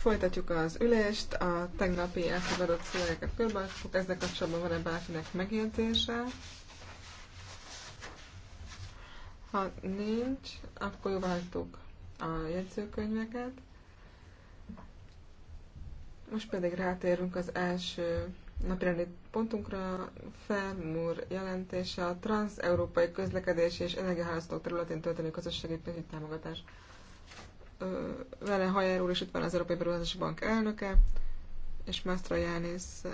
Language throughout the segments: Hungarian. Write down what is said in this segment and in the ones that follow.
Folytatjuk az ülést. A tegnapi elfogadott szövegeket körbeadtuk. Ezzel kapcsolatban van-e bárkinek megjegyzése? Ha nincs, akkor jóvá hagytuk a jegyzőkönyveket. Most pedig rátérünk az első napirendi pontunkra femur jelentése a európai közlekedési és energiahálózatok területén történő közösségi pénzügyi támogatás. Vele Hajer úr is itt van az Európai Beruházási Bank elnöke, és Mástra Jánész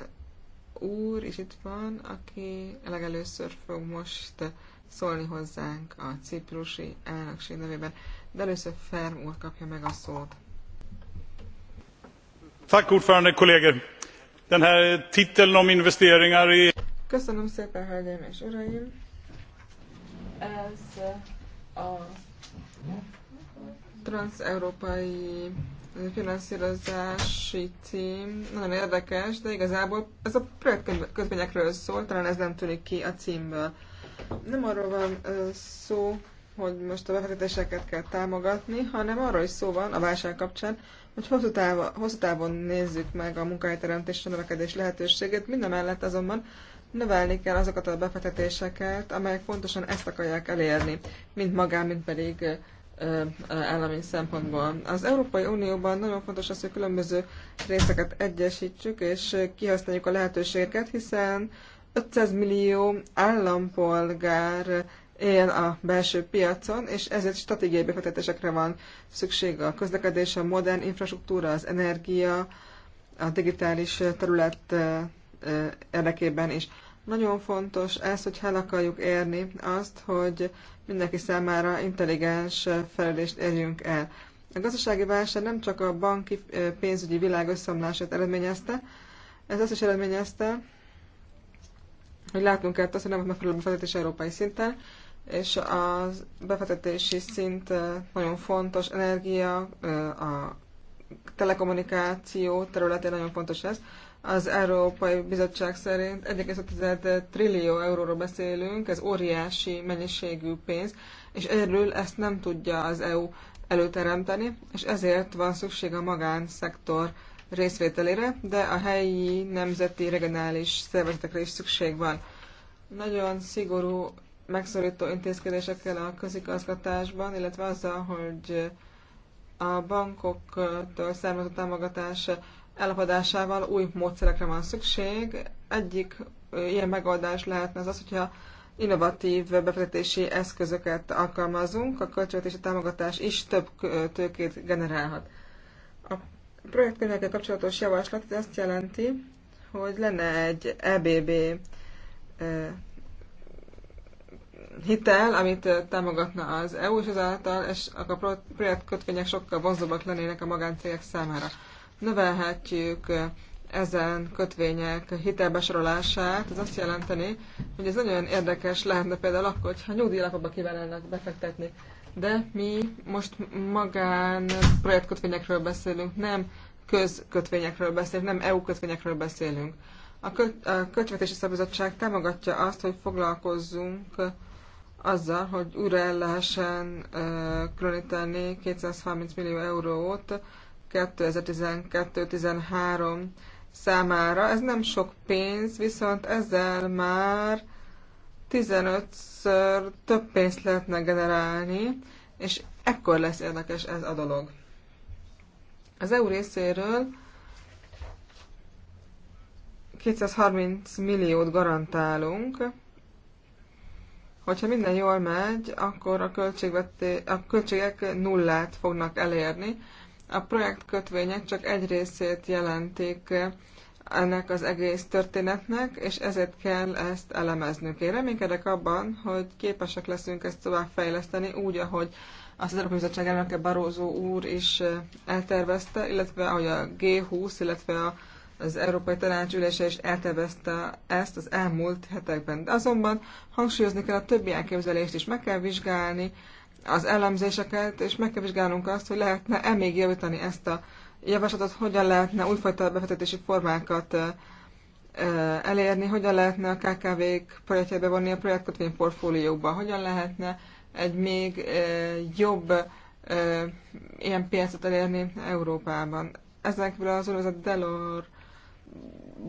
úr is itt van, aki legelőször fog most szólni hozzánk a ciprusi elnökség nevében. De először Ferm úr kapja meg a szót. Tack ordförande kollegor! den här titeln om investeringar i... Köszönöm szépen, hölgyeim és uraim! Ez a transeurópai finanszírozási cím nagyon érdekes, de igazából ez a projektközményekről szól, talán ez nem tűnik ki a címből. Nem arról van szó, hogy most a befektetéseket kell támogatni, hanem arról is szó van a válság kapcsán, hogy hosszú, táv- hosszú távon nézzük meg a munkahelyteremtés és a növekedés lehetőségét, minden mellett azonban növelni kell azokat a befektetéseket, amelyek pontosan ezt akarják elérni, mind magán, mind pedig állami szempontból. Az Európai Unióban nagyon fontos az, hogy különböző részeket egyesítsük, és kihasználjuk a lehetőségeket, hiszen 500 millió állampolgár él a belső piacon, és ezért stratégiai befektetésekre van szükség a közlekedés, a modern infrastruktúra, az energia, a digitális terület érdekében is. Nagyon fontos ez, hogy el akarjuk érni azt, hogy mindenki számára intelligens felelést érjünk el. A gazdasági válság nem csak a banki pénzügyi világ összeomlását eredményezte, ez azt is eredményezte, hogy látnunk kell azt, hogy nem volt megfelelő befektetés európai szinten, és a befektetési szint nagyon fontos, energia, a telekommunikáció területén nagyon fontos ez. Az Európai Bizottság szerint 1,5 trillió euróról beszélünk, ez óriási mennyiségű pénz, és erről ezt nem tudja az EU előteremteni, és ezért van szükség a magánszektor részvételére, de a helyi, nemzeti, regionális szervezetekre is szükség van. Nagyon szigorú megszorító intézkedésekkel a közigazgatásban, illetve azzal, hogy a bankoktól származó támogatás elapadásával új módszerekre van szükség. Egyik ilyen megoldás lehetne az az, hogyha innovatív befektetési eszközöket alkalmazunk, a költségvetési támogatás is több tőkét generálhat. A projektkönyvekkel kapcsolatos javaslat ez azt jelenti, hogy lenne egy EBB hitel, amit támogatna az EU, és ezáltal és a projekt kötvények sokkal vonzóbbak lennének a magáncégek számára. Növelhetjük ezen kötvények hitelbesorolását, ez azt jelenteni, hogy ez nagyon érdekes lehetne például akkor, hogyha nyugdíjlapokba kívánnának befektetni. De mi most magán projektkötvényekről beszélünk, nem közkötvényekről beszélünk, nem EU kötvényekről beszélünk. A, köt, a Költségvetési Szabizottság támogatja azt, hogy foglalkozzunk azzal, hogy újra el lehessen különíteni 230 millió eurót 2012-13 számára. Ez nem sok pénz, viszont ezzel már 15-ször több pénzt lehetne generálni, és ekkor lesz érdekes ez a dolog. Az EU részéről 230 milliót garantálunk, Hogyha minden jól megy, akkor a, a költségek nullát fognak elérni. A projekt kötvények csak egy részét jelentik ennek az egész történetnek, és ezért kell ezt elemeznünk. Én reménykedek abban, hogy képesek leszünk ezt továbbfejleszteni úgy, ahogy az Európai Bizottság elnöke Barózó úr is eh, eltervezte, illetve ahogy a G20, illetve a az Európai Tanács ülése is eltervezte ezt az elmúlt hetekben. De azonban hangsúlyozni kell a többi elképzelést is, meg kell vizsgálni az elemzéseket, és meg kell vizsgálnunk azt, hogy lehetne-e még javítani ezt a javaslatot, hogyan lehetne újfajta befektetési formákat elérni, hogyan lehetne a KKV-k projektjét vonni a projektkötvény portfólióba, hogyan lehetne egy még jobb ilyen piacot elérni Európában. Ezen kívül az úgynevezett Delors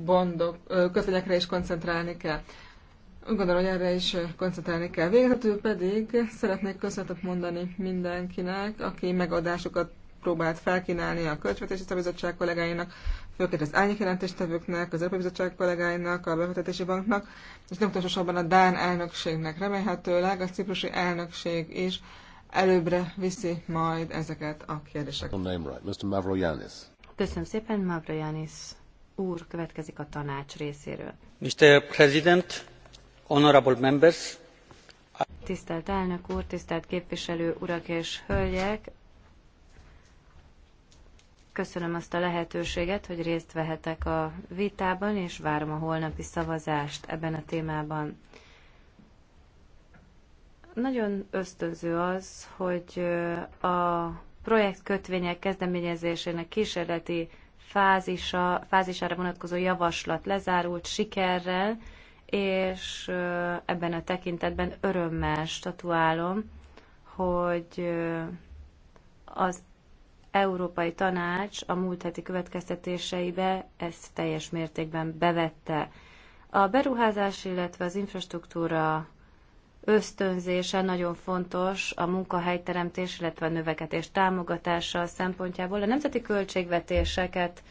bondok, kötvényekre is koncentrálni kell. Úgy gondolom, hogy erre is koncentrálni kell. Végezetül pedig szeretnék köszönetet mondani mindenkinek, aki megadásokat próbált felkínálni a Költségvetési Szabizottság kollégáinak, főként az árnyék jelentéstevőknek, az Európai Bizottság kollégáinak, a Befektetési Banknak, és nem utolsó a Dán elnökségnek. Remélhetőleg a ciprusi elnökség is előbbre viszi majd ezeket a kérdéseket. Köszönöm szépen, Mavroyanis úr következik a tanács részéről. Mr. President, honorable members. Tisztelt elnök úr, tisztelt képviselő urak és hölgyek! Köszönöm azt a lehetőséget, hogy részt vehetek a vitában, és várom a holnapi szavazást ebben a témában. Nagyon ösztönző az, hogy a projekt kötvények kezdeményezésének kísérleti fázisa, fázisára vonatkozó javaslat lezárult sikerrel, és ebben a tekintetben örömmel statuálom, hogy az Európai Tanács a múlt heti következtetéseibe ezt teljes mértékben bevette. A beruházás, illetve az infrastruktúra ösztönzése nagyon fontos a munkahelyteremtés, illetve a növekedés támogatása szempontjából. A nemzeti költségvetéseket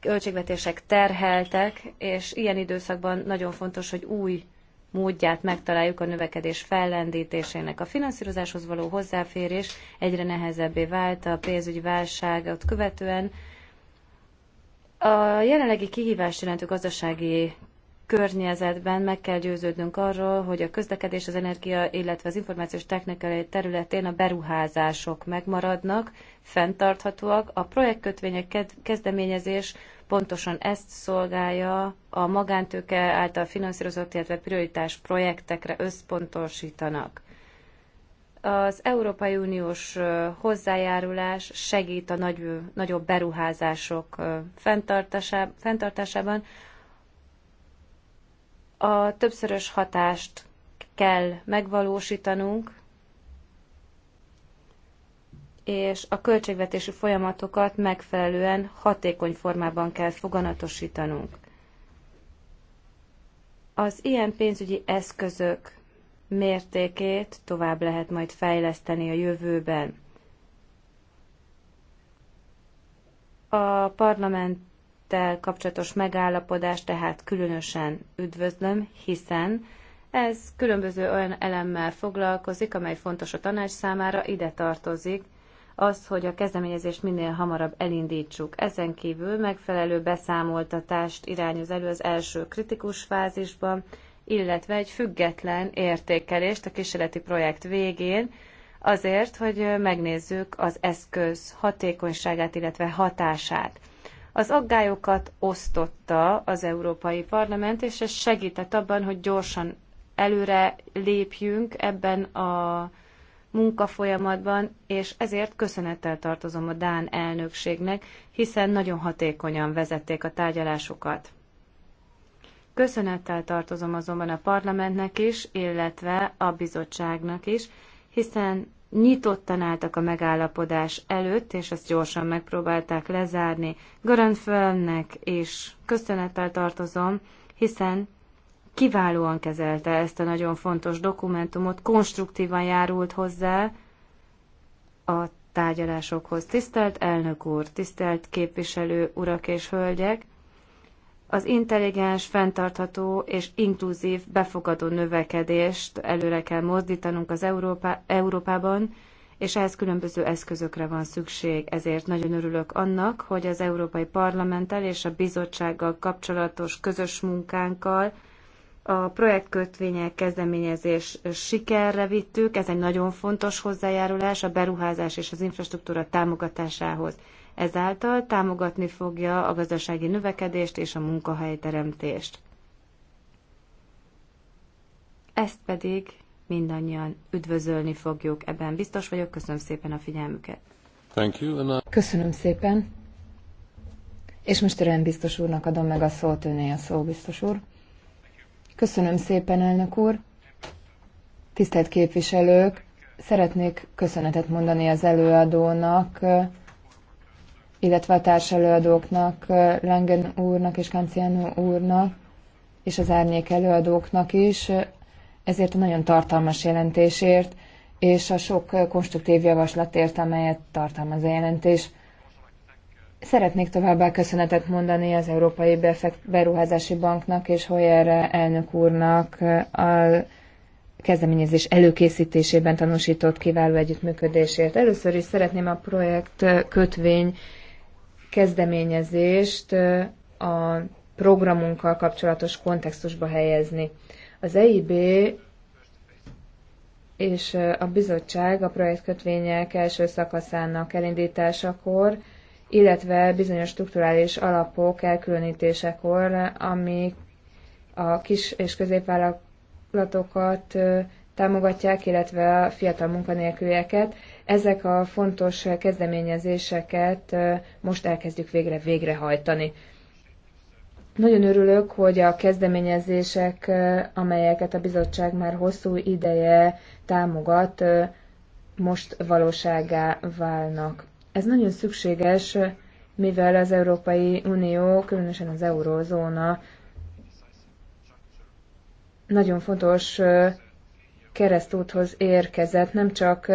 költségvetések terheltek, és ilyen időszakban nagyon fontos, hogy új módját megtaláljuk a növekedés fellendítésének. A finanszírozáshoz való hozzáférés egyre nehezebbé vált a pénzügyi válságot követően. A jelenlegi kihívást jelentő gazdasági környezetben meg kell győződnünk arról, hogy a közlekedés, az energia, illetve az információs technikai területén a beruházások megmaradnak, fenntarthatóak. A projektkötvények kezdeményezés pontosan ezt szolgálja, a magántőke által finanszírozott, illetve prioritás projektekre összpontosítanak. Az Európai Uniós hozzájárulás segít a nagy, nagyobb beruházások fenntartásában, a többszörös hatást kell megvalósítanunk, és a költségvetési folyamatokat megfelelően hatékony formában kell foganatosítanunk. Az ilyen pénzügyi eszközök mértékét tovább lehet majd fejleszteni a jövőben. A parlament rendelettel kapcsolatos megállapodást tehát különösen üdvözlöm, hiszen ez különböző olyan elemmel foglalkozik, amely fontos a tanács számára, ide tartozik az, hogy a kezdeményezést minél hamarabb elindítsuk. Ezen kívül megfelelő beszámoltatást irányoz elő az első kritikus fázisban, illetve egy független értékelést a kísérleti projekt végén, azért, hogy megnézzük az eszköz hatékonyságát, illetve hatását. Az aggályokat osztotta az Európai Parlament, és ez segített abban, hogy gyorsan előre lépjünk ebben a munkafolyamatban, és ezért köszönettel tartozom a Dán elnökségnek, hiszen nagyon hatékonyan vezették a tárgyalásokat. Köszönettel tartozom azonban a parlamentnek is, illetve a bizottságnak is, hiszen nyitottan álltak a megállapodás előtt, és ezt gyorsan megpróbálták lezárni. Garant Fölnek és köszönettel tartozom, hiszen kiválóan kezelte ezt a nagyon fontos dokumentumot, konstruktívan járult hozzá a tárgyalásokhoz. Tisztelt elnök úr, tisztelt képviselő urak és hölgyek, az intelligens, fenntartható és inkluzív befogadó növekedést előre kell mozdítanunk az Európa, Európában, és ehhez különböző eszközökre van szükség. Ezért nagyon örülök annak, hogy az Európai Parlamenttel és a bizottsággal kapcsolatos közös munkánkkal a projektkötvények kezdeményezés sikerre vittük. Ez egy nagyon fontos hozzájárulás a beruházás és az infrastruktúra támogatásához. Ezáltal támogatni fogja a gazdasági növekedést és a munkahelyteremtést. Ezt pedig mindannyian üdvözölni fogjuk. Ebben biztos vagyok. Köszönöm szépen a figyelmüket. Thank you, I... Köszönöm szépen. És most a biztos úrnak adom meg a szót, öné a szó, biztos úr. Köszönöm szépen, elnök úr. Tisztelt képviselők, szeretnék köszönetet mondani az előadónak illetve a társelőadóknak, Langen úrnak és Kanciano úrnak, és az árnyék előadóknak is, ezért a nagyon tartalmas jelentésért, és a sok konstruktív javaslatért, amelyet tartalmaz a jelentés. Szeretnék továbbá köszönetet mondani az Európai Beruházási Banknak és Hoyer elnök úrnak a kezdeményezés előkészítésében tanúsított kiváló együttműködésért. Először is szeretném a projekt kötvény kezdeményezést a programunkkal kapcsolatos kontextusba helyezni. Az EIB és a bizottság a projektkötvények első szakaszának elindításakor, illetve bizonyos strukturális alapok elkülönítésekor, amik a kis és középvállalatokat támogatják, illetve a fiatal munkanélkülieket ezek a fontos kezdeményezéseket most elkezdjük végre végrehajtani. Nagyon örülök, hogy a kezdeményezések, amelyeket a bizottság már hosszú ideje támogat, most valóságá válnak. Ez nagyon szükséges, mivel az Európai Unió, különösen az eurózóna nagyon fontos keresztúthoz érkezett, nem csak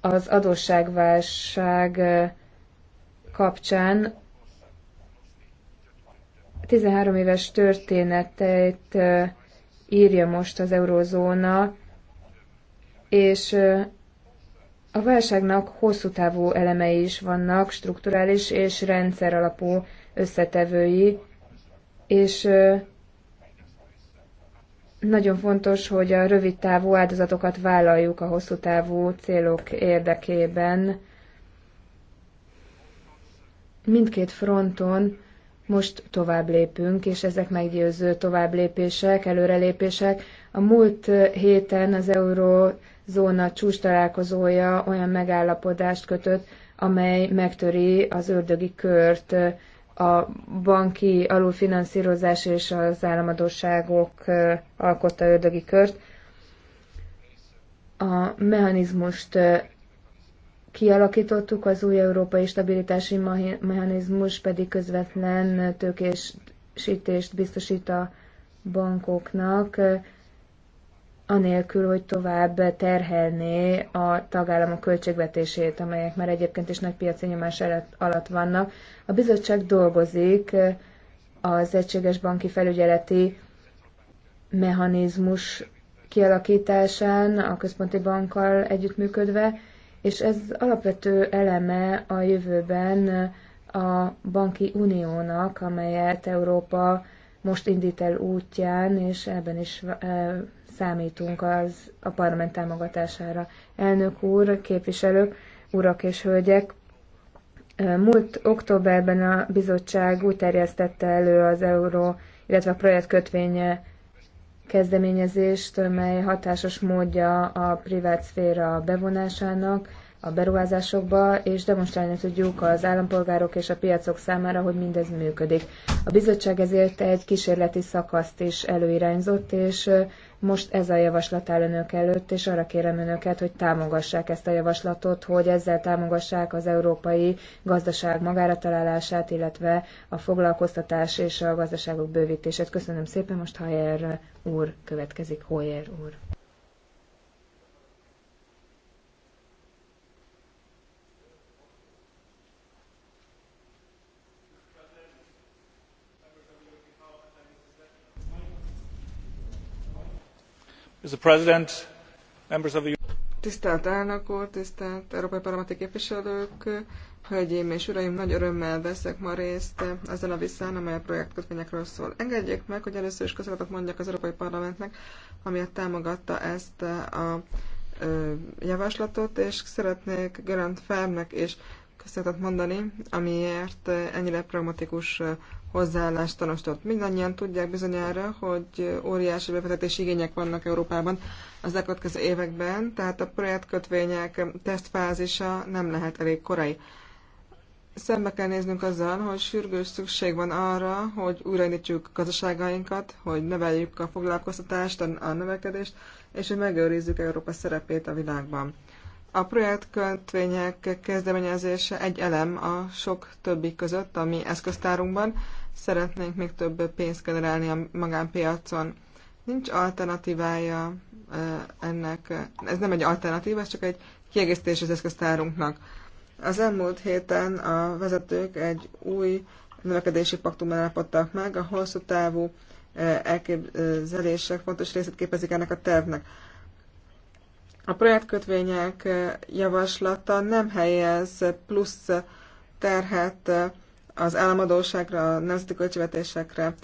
az adósságválság kapcsán 13 éves történeteit írja most az eurozóna, és a válságnak hosszú távú elemei is vannak, strukturális és rendszer alapú összetevői, és nagyon fontos, hogy a rövid távú áldozatokat vállaljuk a hosszú távú célok érdekében. Mindkét fronton most tovább lépünk, és ezek meggyőző tovább lépések, előrelépések. A múlt héten az Eurózóna csúcs találkozója olyan megállapodást kötött, amely megtöri az ördögi kört a banki alulfinanszírozás és az államadóságok alkotta ördögi kört. A mechanizmust kialakítottuk, az új európai stabilitási mechanizmus pedig közvetlen tőkésítést biztosít a bankoknak anélkül, hogy tovább terhelné a tagállamok költségvetését, amelyek már egyébként is nagy piaci nyomás alatt vannak. A bizottság dolgozik eh, az egységes banki felügyeleti mechanizmus kialakításán a központi bankkal együttműködve, és ez alapvető eleme a jövőben a banki uniónak, amelyet Európa most indít el útján, és ebben is eh, számítunk az a parlament támogatására. Elnök úr, képviselők, urak és hölgyek, múlt októberben a bizottság úgy terjesztette elő az euró, illetve a projekt kötvénye kezdeményezést, mely hatásos módja a privát szféra bevonásának a beruházásokba, és demonstrálni tudjuk az állampolgárok és a piacok számára, hogy mindez működik. A bizottság ezért egy kísérleti szakaszt is előirányzott, és most ez a javaslat áll önök előtt, és arra kérem önöket, hogy támogassák ezt a javaslatot, hogy ezzel támogassák az európai gazdaság magára találását, illetve a foglalkoztatás és a gazdaságok bővítését. Köszönöm szépen, most Hajer úr következik, Hoyer úr. Tisztelt elnök úr, tisztelt európai parlamenti képviselők, hölgyeim és uraim, nagy örömmel veszek ma részt ezen a vitán amely a projektkötvényekről szól. Engedjék meg, hogy először is köszönetet mondjak az Európai Parlamentnek, amiért támogatta ezt a javaslatot, és szeretnék Gerant Fermnek és köszönetet mondani, amiért ennyire pragmatikus hozzáállást tanostott. Mindannyian tudják bizonyára, hogy óriási befektetési igények vannak Európában az elkövetkező években, tehát a projektkötvények tesztfázisa nem lehet elég korai. Szembe kell néznünk azzal, hogy sürgős szükség van arra, hogy újraindítsuk gazdaságainkat, hogy növeljük a foglalkoztatást, a növekedést, és hogy megőrizzük Európa szerepét a világban. A projektkötvények kezdeményezése egy elem a sok többi között, ami eszköztárunkban. Szeretnénk még több pénzt generálni a magánpiacon. Nincs alternatívája ennek, ez nem egy alternatíva, ez csak egy kiegészítés az eszköztárunknak. Az elmúlt héten a vezetők egy új növekedési paktumban állapodtak meg, a hosszú távú elképzelések fontos részét képezik ennek a tervnek. A projektkötvények javaslata nem helyez plusz terhet az államadóságra, a nemzeti költségvetésekre.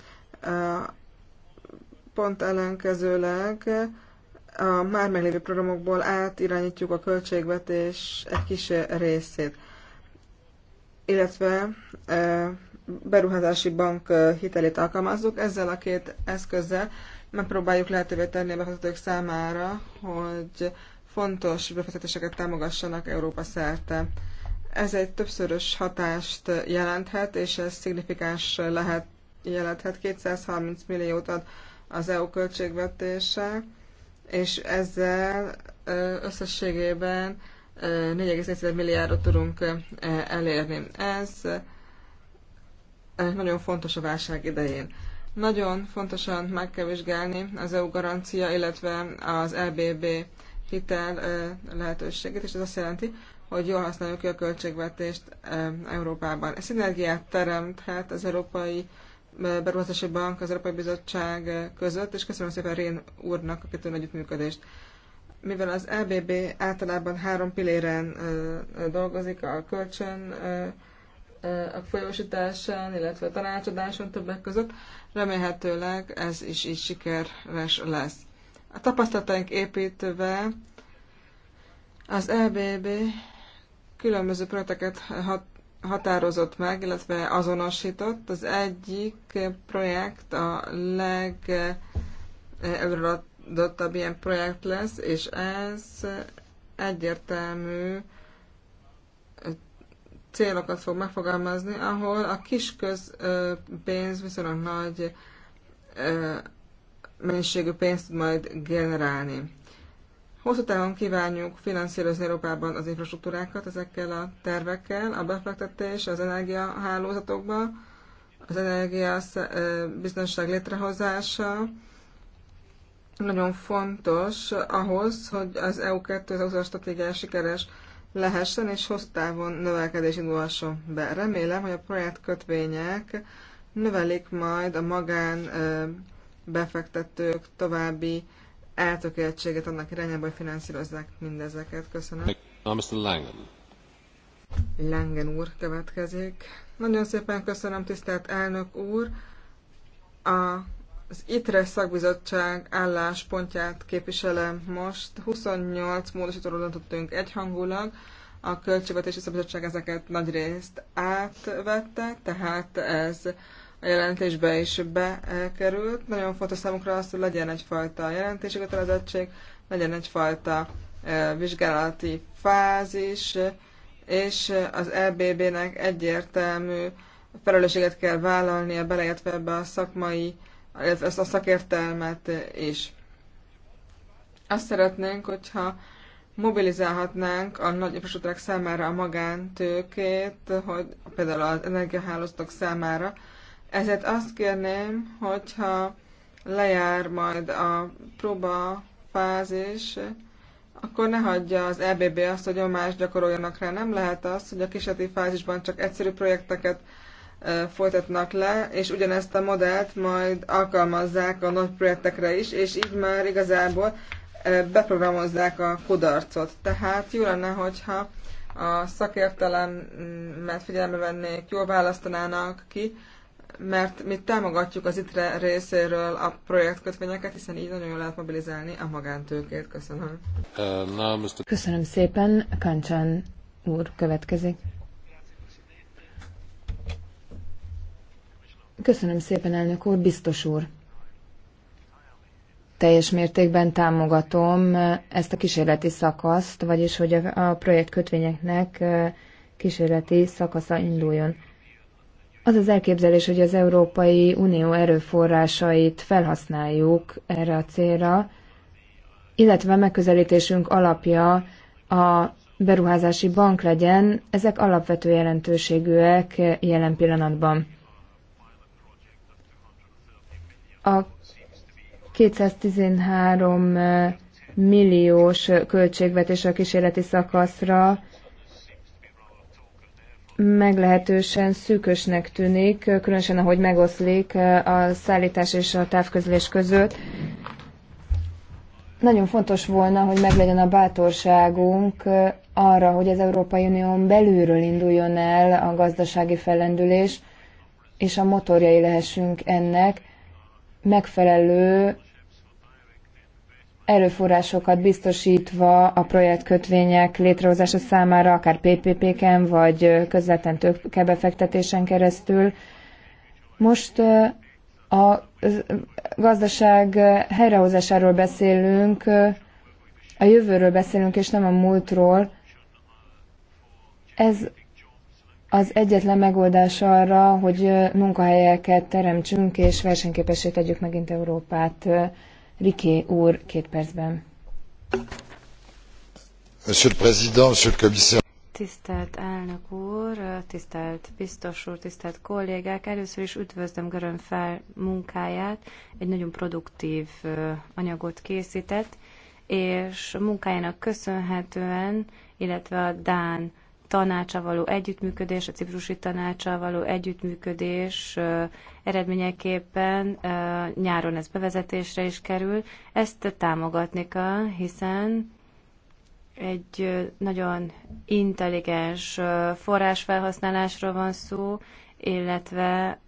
Pont ellenkezőleg a már meglévő programokból átirányítjuk a költségvetés egy kis részét, illetve beruházási bank hitelét alkalmazzuk. Ezzel a két eszközzel megpróbáljuk lehetővé tenni a befektetők számára, hogy fontos befektetéseket támogassanak Európa szerte. Ez egy többszörös hatást jelenthet, és ez szignifikáns lehet, jelenthet. 230 milliót ad az EU költségvetése, és ezzel összességében 4,4 milliárdot tudunk elérni. Ez nagyon fontos a válság idején. Nagyon fontosan meg kell vizsgálni az EU garancia, illetve az EBB hitel lehetőséget és ez azt jelenti, hogy jól használjuk ki a költségvetést Európában. Ez szinergiát teremthet az Európai Beruházási Bank, az Európai Bizottság között, és köszönöm szépen Rén úrnak a kettőn együttműködést. Mivel az EBB általában három piléren dolgozik, a kölcsön a folyósításán, illetve a tanácsadáson többek között, remélhetőleg ez is így sikeres lesz. A tapasztalataink építve az EBB különböző projekteket hat, határozott meg, illetve azonosított. Az egyik projekt a leg előadottabb ilyen projekt lesz, és ez egyértelmű célokat fog megfogalmazni, ahol a kis közpénz viszonylag nagy mennyiségű pénzt tud majd generálni. Hosszú távon kívánjuk finanszírozni Európában az infrastruktúrákat ezekkel a tervekkel, a befektetés az energiahálózatokba, az energiabiztonság létrehozása, nagyon fontos ahhoz, hogy az EU 2020 stratégia sikeres lehessen, és hosszú távon növekedés indulhasson be. Remélem, hogy a projektkötvények növelik majd a magán befektetők további eltökéltséget annak irányába, hogy finanszírozzák mindezeket. Köszönöm. Mr. Langen. Langen úr következik. Nagyon szépen köszönöm, tisztelt elnök úr. A az ITRE szakbizottság álláspontját képviselem most. 28 módosítóról döntöttünk egyhangulag. A Költségvetési Szabadság ezeket nagy részt átvette, tehát ez a jelentésbe is bekerült. Nagyon fontos számunkra az, hogy legyen egyfajta jelentési kötelezettség, legyen egyfajta e, vizsgálati fázis, és az EBB-nek egyértelmű felelősséget kell vállalnia, beleértve ebbe a szakmai, ezt a szakértelmet is. Azt szeretnénk, hogyha mobilizálhatnánk a nagy infrastruktúrák számára a magántőkét, hogy például az energiahálózatok számára, ezért azt kérném, hogyha lejár majd a próba fázis, akkor ne hagyja az EBB azt, hogy más gyakoroljanak rá. Nem lehet az, hogy a kísérleti fázisban csak egyszerű projekteket folytatnak le, és ugyanezt a modellt majd alkalmazzák a nagy projektekre is, és így már igazából beprogramozzák a kudarcot. Tehát jó lenne, hogyha a szakértelemet figyelembe vennék, jól választanának ki, mert mi támogatjuk az ITRE részéről a projektkötvényeket, hiszen így nagyon jól lehet mobilizálni a magántőkét. Köszönöm. Uh, Köszönöm szépen. Kancsán úr következik. Köszönöm szépen, elnök úr, biztos úr. Teljes mértékben támogatom uh, ezt a kísérleti szakaszt, vagyis hogy a projekt kötvényeknek uh, kísérleti szakasza induljon. Az az elképzelés, hogy az Európai Unió erőforrásait felhasználjuk erre a célra, illetve megközelítésünk alapja a beruházási bank legyen, ezek alapvető jelentőségűek jelen pillanatban. A 213 milliós költségvetés a kísérleti szakaszra meglehetősen szűkösnek tűnik, különösen ahogy megoszlik a szállítás és a távközlés között. Nagyon fontos volna, hogy meglegyen a bátorságunk arra, hogy az Európai Unión belülről induljon el a gazdasági fellendülés, és a motorjai lehessünk ennek megfelelő erőforrásokat biztosítva a projektkötvények létrehozása számára, akár PPP-ken, vagy közvetlen tőkebefektetésen keresztül. Most a gazdaság helyrehozásáról beszélünk, a jövőről beszélünk, és nem a múltról. Ez az egyetlen megoldás arra, hogy munkahelyeket teremtsünk, és versenyképessé tegyük megint Európát. Riké úr, két percben. Monsieur le Président, Monsieur le Commissaire. Tisztelt elnök úr, tisztelt biztos úr, tisztelt kollégák! Először is üdvözlöm Görön fel munkáját, egy nagyon produktív anyagot készített, és munkájának köszönhetően, illetve a Dán tanácsa való együttműködés, a ciprusi tanácsa való együttműködés eredményeképpen nyáron ez bevezetésre is kerül. Ezt támogatni kell, hiszen egy nagyon intelligens forrásfelhasználásról van szó, illetve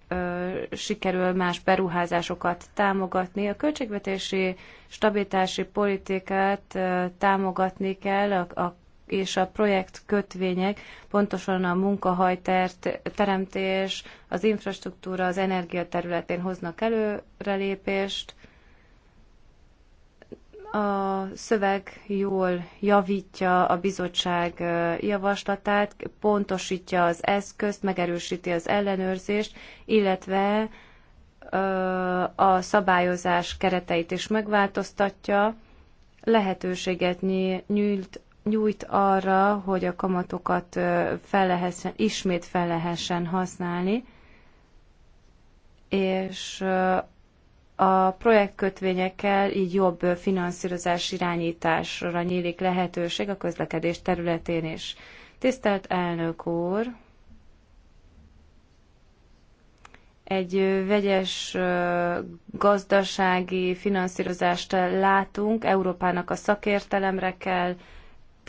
sikerül más beruházásokat támogatni. A költségvetési stabilitási politikát támogatni kell, a, a és a projekt kötvények pontosan a munkahajtert teremtés, az infrastruktúra, az energia területén hoznak előrelépést. A szöveg jól javítja a bizottság javaslatát, pontosítja az eszközt, megerősíti az ellenőrzést, illetve a szabályozás kereteit is megváltoztatja, lehetőséget nyílt nyújt arra, hogy a kamatokat fel lehessen, ismét fel lehessen használni, és a projektkötvényekkel így jobb finanszírozás irányításra nyílik lehetőség a közlekedés területén is. Tisztelt elnök úr! Egy vegyes gazdasági finanszírozást látunk, Európának a szakértelemre kell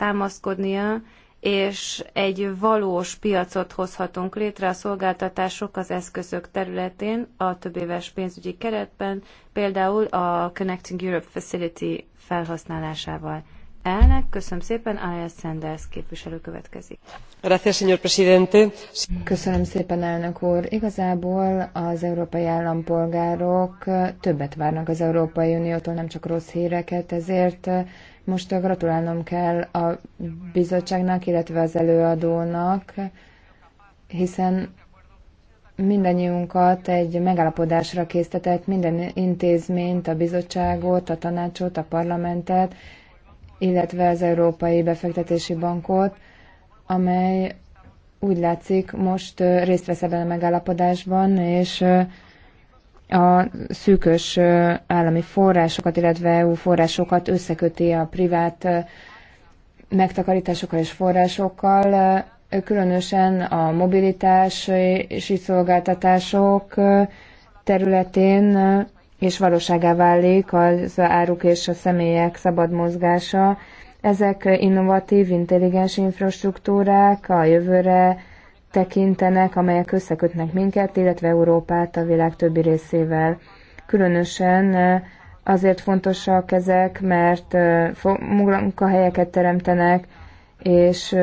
támaszkodnia, és egy valós piacot hozhatunk létre a szolgáltatások az eszközök területén a többéves pénzügyi keretben, például a Connecting Europe Facility felhasználásával. Elnök, köszönöm szépen, Arias Sanders képviselő következik. Gracias, señor presidente. Köszönöm szépen, elnök úr. Igazából az európai állampolgárok többet várnak az Európai Uniótól, nem csak rossz híreket, ezért most gratulálnom kell a bizottságnak, illetve az előadónak, hiszen mindannyiunkat egy megállapodásra késztetett minden intézményt, a bizottságot, a tanácsot, a parlamentet, illetve az Európai Befektetési Bankot, amely úgy látszik most részt vesz ebben a megállapodásban, és a szűkös állami forrásokat, illetve EU forrásokat összeköti a privát megtakarításokkal és forrásokkal, különösen a mobilitás és így szolgáltatások területén és valóságá válik az áruk és a személyek szabad mozgása. Ezek innovatív, intelligens infrastruktúrák, a jövőre tekintenek, amelyek összekötnek minket, illetve Európát a világ többi részével. Különösen azért fontosak ezek, mert munkahelyeket teremtenek, és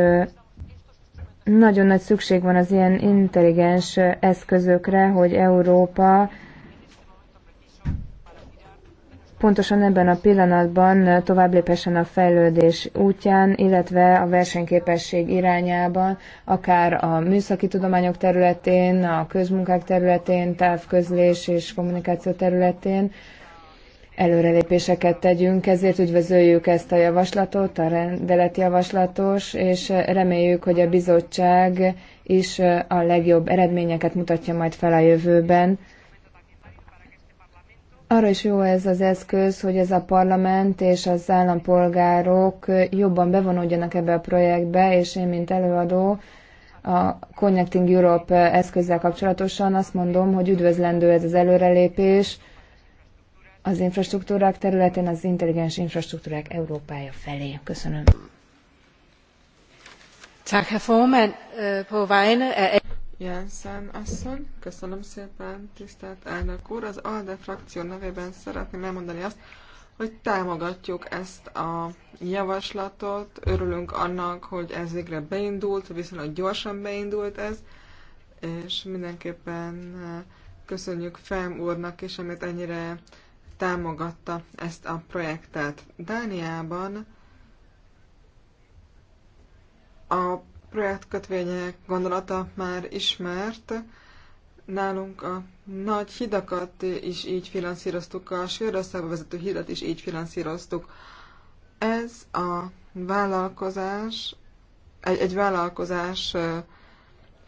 nagyon nagy szükség van az ilyen intelligens eszközökre, hogy Európa pontosan ebben a pillanatban tovább lépessen a fejlődés útján, illetve a versenyképesség irányában, akár a műszaki tudományok területén, a közmunkák területén, távközlés és kommunikáció területén előrelépéseket tegyünk, ezért üdvözöljük ezt a javaslatot, a rendelet javaslatos, és reméljük, hogy a bizottság is a legjobb eredményeket mutatja majd fel a jövőben arra is jó ez az eszköz, hogy ez a parlament és az állampolgárok jobban bevonódjanak ebbe a projektbe, és én, mint előadó, a Connecting Europe eszközzel kapcsolatosan azt mondom, hogy üdvözlendő ez az előrelépés az infrastruktúrák területén, az intelligens infrastruktúrák Európája felé. Köszönöm. Tak, Herr Formann. På vegne af Jensen asszony, köszönöm szépen, tisztelt elnök úr. Az ALDE frakció nevében szeretném elmondani azt, hogy támogatjuk ezt a javaslatot, örülünk annak, hogy ez végre beindult, viszonylag gyorsan beindult ez, és mindenképpen eh, köszönjük Fem úrnak is, amit ennyire támogatta ezt a projektet. Dániában a projektkötvények gondolata már ismert. Nálunk a nagy hidakat is így finanszíroztuk, a Svédországba vezető hidat is így finanszíroztuk. Ez a vállalkozás, egy, egy vállalkozás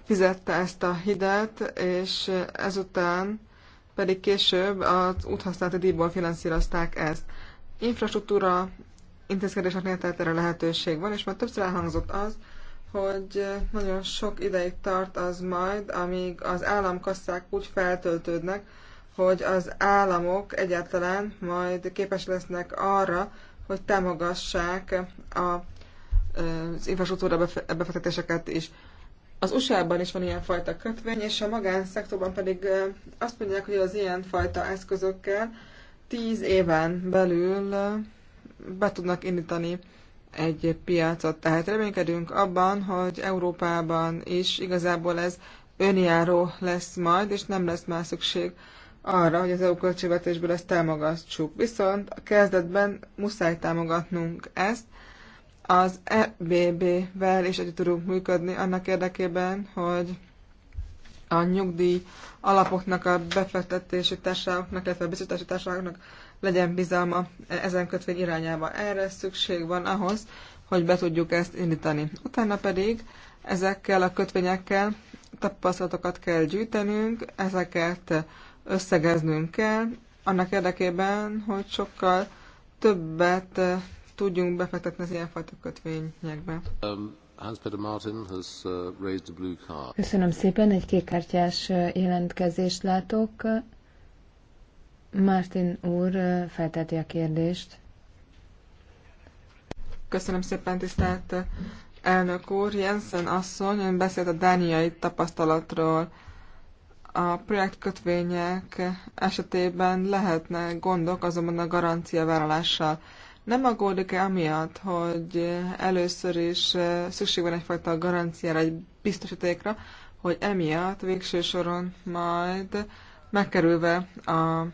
fizette ezt a hidet, és ezután pedig később az úthasználati díjból finanszírozták ezt. Infrastruktúra intézkedésnek tehát erre lehetőség van, és már többször elhangzott az, hogy nagyon sok ideig tart az majd, amíg az államkasszák úgy feltöltődnek, hogy az államok egyáltalán majd képes lesznek arra, hogy támogassák a, az infrastruktúra befektetéseket is. Az USA-ban is van ilyen fajta kötvény, és a magánszektorban pedig azt mondják, hogy az ilyen fajta eszközökkel tíz éven belül be tudnak indítani egy piacot. Tehát reménykedünk abban, hogy Európában is igazából ez önjáró lesz majd, és nem lesz már szükség arra, hogy az EU költségvetésből ezt támogassuk. Viszont a kezdetben muszáj támogatnunk ezt, az EBB-vel is együtt tudunk működni annak érdekében, hogy a nyugdíj alapoknak, a befektetési társaságoknak, illetve a biztosítási társaságoknak legyen bizalma ezen kötvény irányába. Erre szükség van ahhoz, hogy be tudjuk ezt indítani. Utána pedig ezekkel a kötvényekkel tapasztalatokat kell gyűjtenünk, ezeket összegeznünk kell, annak érdekében, hogy sokkal többet tudjunk befektetni az ilyenfajta kötvényekbe. Um. Hans-Peter Martin has uh, raised blue card. Köszönöm szépen, egy kékkártyás uh, jelentkezést látok. Martin úr felteti a kérdést. Köszönöm szépen, tisztelt elnök úr. Jensen asszony, ön beszélt a dániai tapasztalatról. A projektkötvények esetében lehetne gondok, azonban a garancia vállalással. Nem aggódik-e amiatt, hogy először is szükség van egyfajta garanciára, egy biztosítékra, hogy emiatt végső soron majd megkerülve a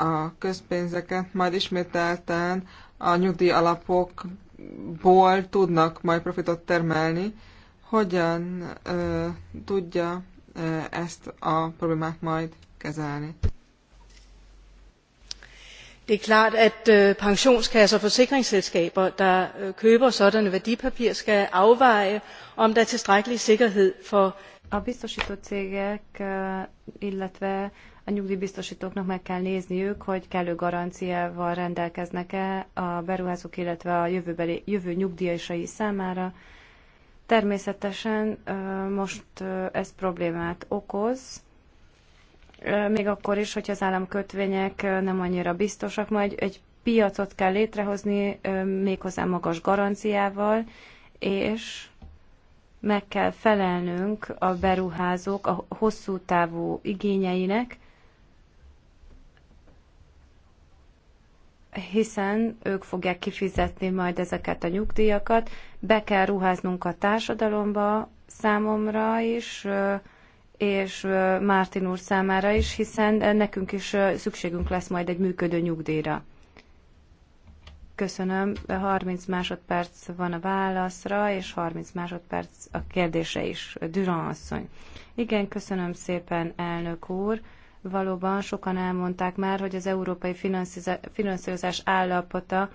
a közpénzeket majd ismételten a nyugdíj alapokból tudnak majd profitot termelni. Hogyan ö, tudja ö, ezt a problémát majd kezelni? Det er klart, at øh, pensionskasser og forsikringsselskaber, der øh, køber sådanne værdipapirer, skal afveje, om der er tilstrækkelig sikkerhed for. A biztosító cégek, illetve a nyugdíjbiztosítóknak meg kell nézniük, hogy kellő garanciával rendelkeznek-e a beruházók, illetve a jövőbeli, jövő nyugdíjasai számára. Természetesen most ez problémát okoz, még akkor is, hogy az államkötvények nem annyira biztosak, majd egy piacot kell létrehozni méghozzá magas garanciával, és meg kell felelnünk a beruházók a hosszú távú igényeinek, hiszen ők fogják kifizetni majd ezeket a nyugdíjakat, be kell ruháznunk a társadalomba számomra is, és Mártin úr számára is, hiszen nekünk is szükségünk lesz majd egy működő nyugdíjra. Köszönöm, 30 másodperc van a válaszra, és 30 másodperc a kérdése is. Durand asszony. Igen, köszönöm szépen, elnök úr. Valóban sokan elmondták már, hogy az európai finanszírozás állapota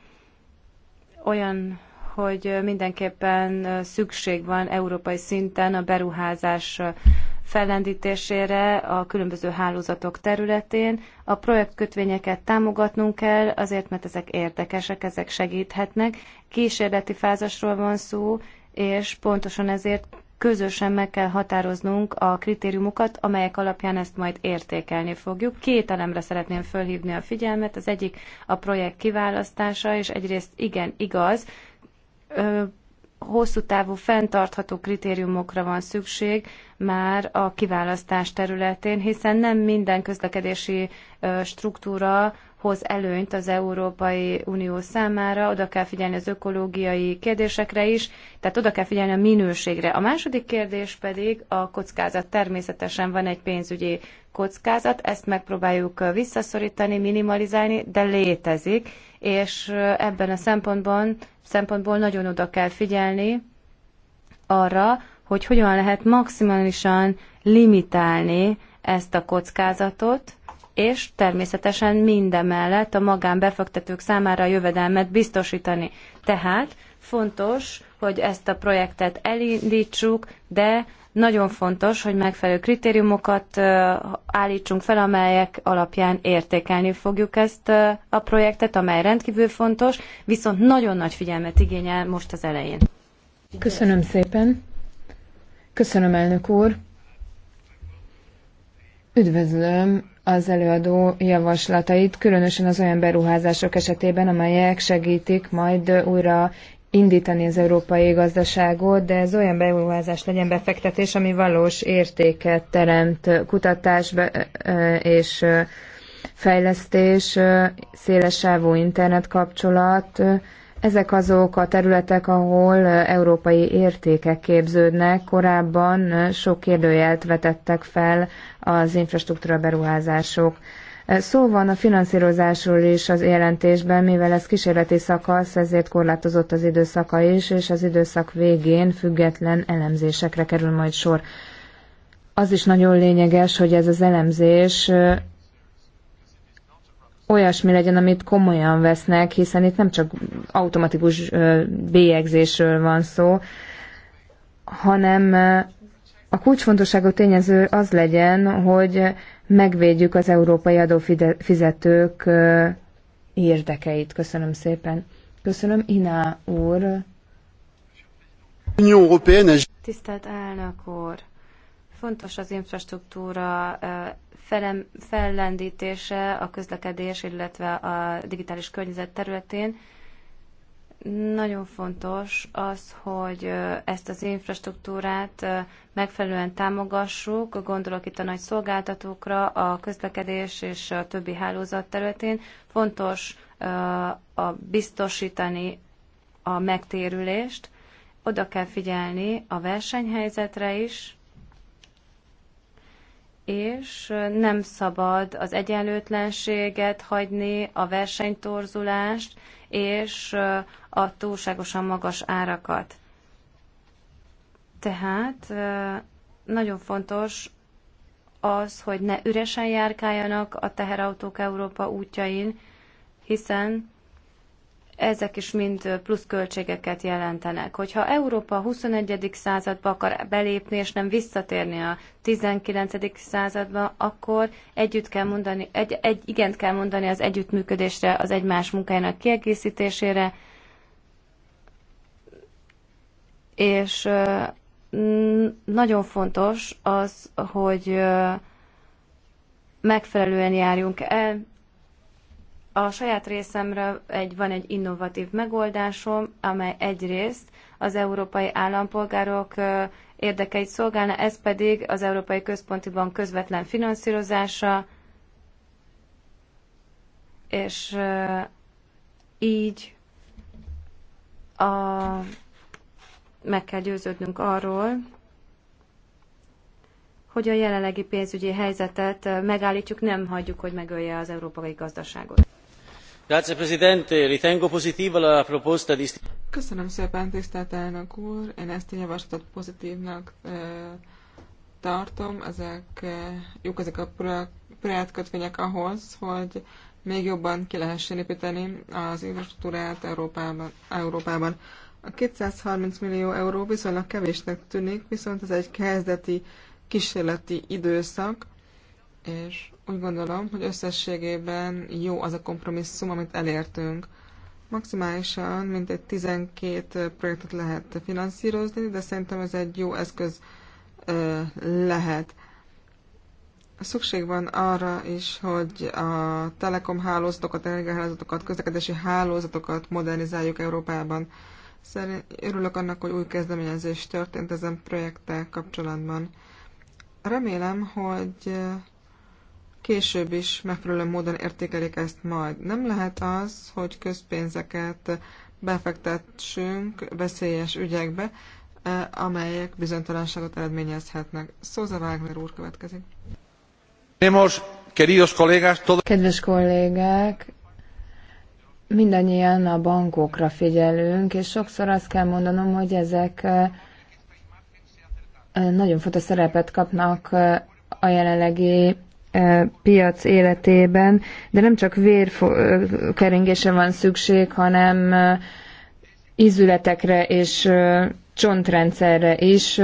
olyan, hogy mindenképpen szükség van európai szinten a beruházás fellendítésére a különböző hálózatok területén. A projektkötvényeket támogatnunk kell, azért, mert ezek érdekesek, ezek segíthetnek. Kísérleti fázasról van szó, és pontosan ezért közösen meg kell határoznunk a kritériumokat, amelyek alapján ezt majd értékelni fogjuk. Két elemre szeretném fölhívni a figyelmet. Az egyik a projekt kiválasztása, és egyrészt igen, igaz, hosszú távú fenntartható kritériumokra van szükség már a kiválasztás területén, hiszen nem minden közlekedési struktúra hoz előnyt az Európai Unió számára, oda kell figyelni az ökológiai kérdésekre is, tehát oda kell figyelni a minőségre. A második kérdés pedig a kockázat. Természetesen van egy pénzügyi kockázat, ezt megpróbáljuk visszaszorítani, minimalizálni, de létezik, és ebben a szempontban, szempontból nagyon oda kell figyelni arra, hogy hogyan lehet maximálisan limitálni ezt a kockázatot, és természetesen mindemellett a magánbefektetők számára a jövedelmet biztosítani. Tehát fontos, hogy ezt a projektet elindítsuk, de nagyon fontos, hogy megfelelő kritériumokat állítsunk fel, amelyek alapján értékelni fogjuk ezt a projektet, amely rendkívül fontos, viszont nagyon nagy figyelmet igényel most az elején. Köszönöm szépen. Köszönöm, elnök úr. Üdvözlöm az előadó javaslatait, különösen az olyan beruházások esetében, amelyek segítik majd újra indítani az európai gazdaságot, de ez olyan beruházás legyen befektetés, ami valós értéket teremt kutatás és fejlesztés, szélesávú internetkapcsolat, kapcsolat, ezek azok a területek, ahol európai értékek képződnek. Korábban sok kérdőjelt vetettek fel az infrastruktúra beruházások. Szó van a finanszírozásról is az jelentésben, mivel ez kísérleti szakasz, ezért korlátozott az időszaka is, és az időszak végén független elemzésekre kerül majd sor. Az is nagyon lényeges, hogy ez az elemzés olyasmi legyen, amit komolyan vesznek, hiszen itt nem csak automatikus bélyegzésről van szó, hanem a kulcsfontosságú tényező az legyen, hogy megvédjük az európai adófizetők érdekeit. Köszönöm szépen. Köszönöm, Iná úr. Tisztelt elnök úr! Fontos az infrastruktúra felem, fellendítése a közlekedés, illetve a digitális környezet területén. Nagyon fontos az, hogy ezt az infrastruktúrát megfelelően támogassuk, gondolok itt a nagy szolgáltatókra, a közlekedés és a többi hálózat területén. Fontos a biztosítani a megtérülést, oda kell figyelni a versenyhelyzetre is, és nem szabad az egyenlőtlenséget hagyni, a versenytorzulást és a túlságosan magas árakat. Tehát nagyon fontos az, hogy ne üresen járkáljanak a teherautók Európa útjain, hiszen ezek is mind pluszköltségeket jelentenek. Hogyha Európa a 21. századba akar belépni, és nem visszatérni a 19. századba, akkor együtt kell mondani, egy, egy igent kell mondani az együttműködésre, az egymás munkájának kiegészítésére, és nagyon fontos az, hogy megfelelően járjunk el, a saját részemre egy, van egy innovatív megoldásom, amely egyrészt az európai állampolgárok érdekeit szolgálna, ez pedig az Európai Központi Bank közvetlen finanszírozása, és így a, meg kell győződnünk arról, hogy a jelenlegi pénzügyi helyzetet megállítjuk, nem hagyjuk, hogy megölje az európai gazdaságot. Köszönöm szépen, tisztelt elnök úr! Én ezt a javaslatot pozitívnak tartom. Ezek jók ezek a projekt kötvények ahhoz, hogy még jobban ki lehessen építeni az infrastruktúrát Európában. Európában. A 230 millió euró viszonylag kevésnek tűnik, viszont ez egy kezdeti kísérleti időszak, és úgy gondolom, hogy összességében jó az a kompromisszum, amit elértünk. Maximálisan mintegy 12 projektet lehet finanszírozni, de szerintem ez egy jó eszköz ö, lehet. Szükség van arra is, hogy a telekom hálózatokat, energiahálózatokat, közlekedési hálózatokat modernizáljuk Európában. Szerint örülök annak, hogy új kezdeményezés történt ezen projekttel kapcsolatban. Remélem, hogy később is megfelelő módon értékelik ezt majd. Nem lehet az, hogy közpénzeket befektessünk veszélyes ügyekbe, eh, amelyek bizonytalanságot eredményezhetnek. Szóza Wagner úr következik. Kedves kollégák, mindannyian a bankokra figyelünk, és sokszor azt kell mondanom, hogy ezek eh, eh, nagyon fontos szerepet kapnak a jelenlegi E, piac életében, de nem csak vérkeringése van szükség, hanem e, ízületekre és e, csontrendszerre is,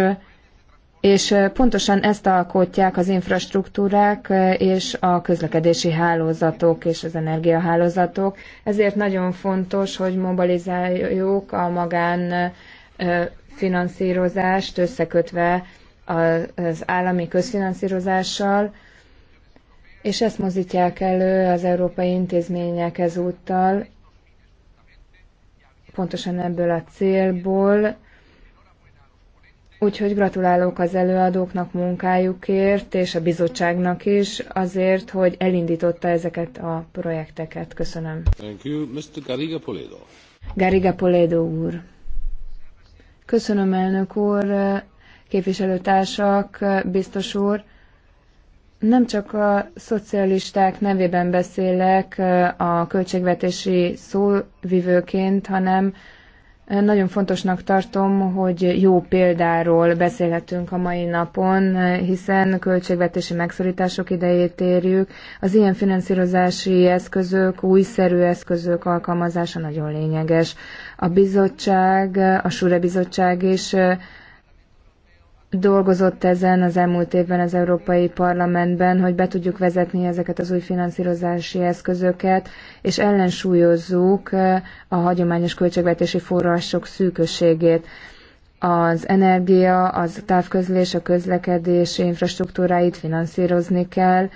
és pontosan ezt alkotják az infrastruktúrák és a közlekedési hálózatok és az energiahálózatok. Ezért nagyon fontos, hogy mobilizáljuk a magán finanszírozást összekötve az állami közfinanszírozással, és ezt mozítják elő az európai intézmények ezúttal, pontosan ebből a célból. Úgyhogy gratulálok az előadóknak munkájukért, és a bizottságnak is azért, hogy elindította ezeket a projekteket. Köszönöm. Thank you. Mr. Gariga Poledo. Gariga Poledo úr. Köszönöm, elnök úr, képviselőtársak, biztos úr nem csak a szocialisták nevében beszélek a költségvetési szóvivőként, hanem nagyon fontosnak tartom, hogy jó példáról beszélhetünk a mai napon, hiszen költségvetési megszorítások idejét érjük. Az ilyen finanszírozási eszközök, újszerű eszközök alkalmazása nagyon lényeges. A bizottság, a Sure Bizottság is dolgozott ezen az elmúlt évben az Európai Parlamentben, hogy be tudjuk vezetni ezeket az új finanszírozási eszközöket, és ellensúlyozzuk eh, a hagyományos költségvetési források szűkösségét. Az energia, az távközlés, a közlekedés infrastruktúráit finanszírozni kell,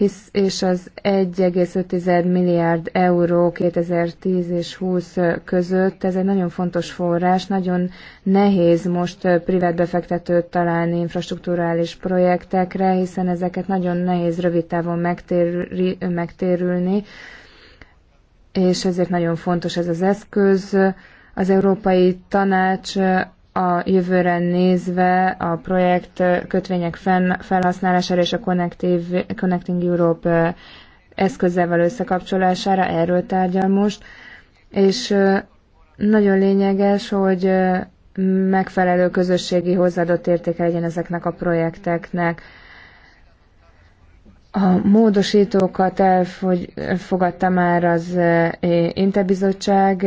hisz, és az 1,5 milliárd euró 2010 és 20 között, ez egy nagyon fontos forrás, nagyon nehéz most privát befektetőt találni infrastruktúrális projektekre, hiszen ezeket nagyon nehéz rövid távon megtérül, megtérülni, és ezért nagyon fontos ez az eszköz. Az Európai Tanács a jövőre nézve a projekt kötvények felhasználására és a Connective, Connecting Europe eh, eszközzel összekapcsolására, erről tárgyal most, és eh, nagyon lényeges, hogy eh, megfelelő közösségi hozzáadott értéke legyen ezeknek a projekteknek. A módosítókat elfogadta már az Interbizottság,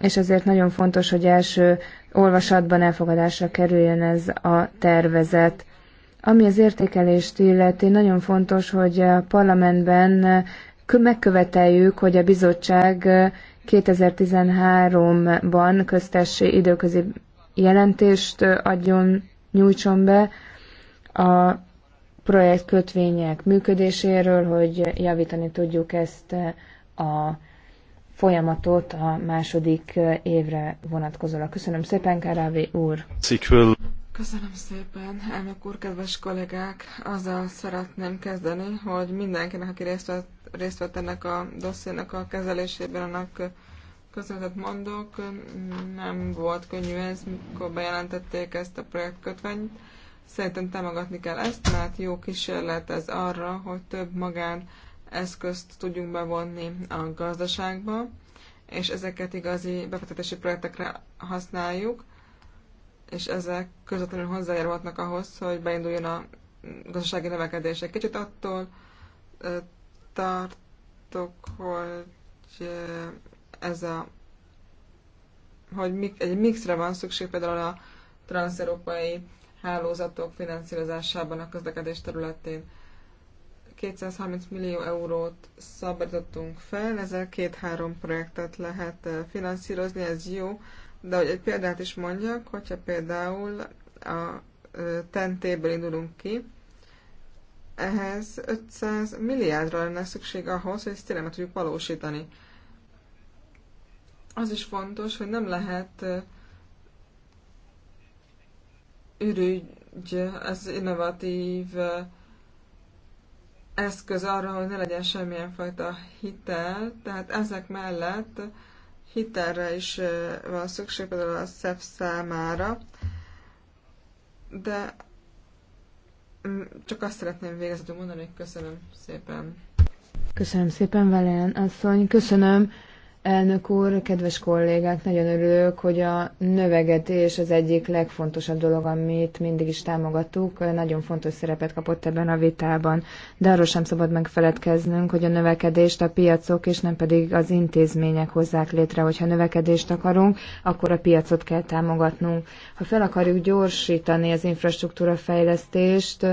és ezért nagyon fontos, hogy első olvasatban elfogadásra kerüljön ez a tervezet. Ami az értékelést illeti, nagyon fontos, hogy a parlamentben eh, megköveteljük, hogy a bizottság 2013-ban eh, köztes időközi jelentést eh, adjon, nyújtson be a projektkötvények működéséről, hogy javítani tudjuk ezt a folyamatot a második évre vonatkozóan. Köszönöm szépen, Kárávé úr! Cikül. Köszönöm szépen, elnök úr, kedves kollégák! Azzal szeretném kezdeni, hogy mindenkinek, aki részt vett, részt vett ennek a dosszénak a kezelésében, annak köszönetet mondok. Nem volt könnyű ez, mikor bejelentették ezt a projektkötvényt. Szerintem támogatni kell ezt, mert jó kísérlet ez arra, hogy több magán eszközt tudjunk bevonni a gazdaságba, és ezeket igazi befektetési projektekre használjuk, és ezek közvetlenül hozzájárulhatnak ahhoz, hogy beinduljon a gazdasági növekedés. Egy kicsit attól tartok, hogy ez a hogy egy mixre van szükség például a transzeurópai hálózatok finanszírozásában a közlekedés területén. 230 millió eurót szabadítottunk fel, ezzel két-három projektet lehet eh, finanszírozni, ez jó, de hogy egy példát is mondjak, hogyha például a eh, tentéből indulunk ki, ehhez 500 milliárdra lenne szükség ahhoz, hogy ezt tényleg meg tudjuk valósítani. Az is fontos, hogy nem lehet eh, ürügy, ez innovatív eszköz arra, hogy ne legyen semmilyen fajta hitel, tehát ezek mellett hitelre is van szükség, például a SZEF számára, de mm, csak azt szeretném végezetül mondani, hogy köszönöm szépen. Köszönöm szépen, Velen asszony, köszönöm Elnök úr, kedves kollégák, nagyon örülök, hogy a növegetés az egyik legfontosabb dolog, amit mindig is támogattuk. Nagyon fontos szerepet kapott ebben a vitában, de arról sem szabad megfeledkeznünk, hogy a növekedést a piacok és nem pedig az intézmények hozzák létre. Hogyha növekedést akarunk, akkor a piacot kell támogatnunk. Ha fel akarjuk gyorsítani az infrastruktúra fejlesztést,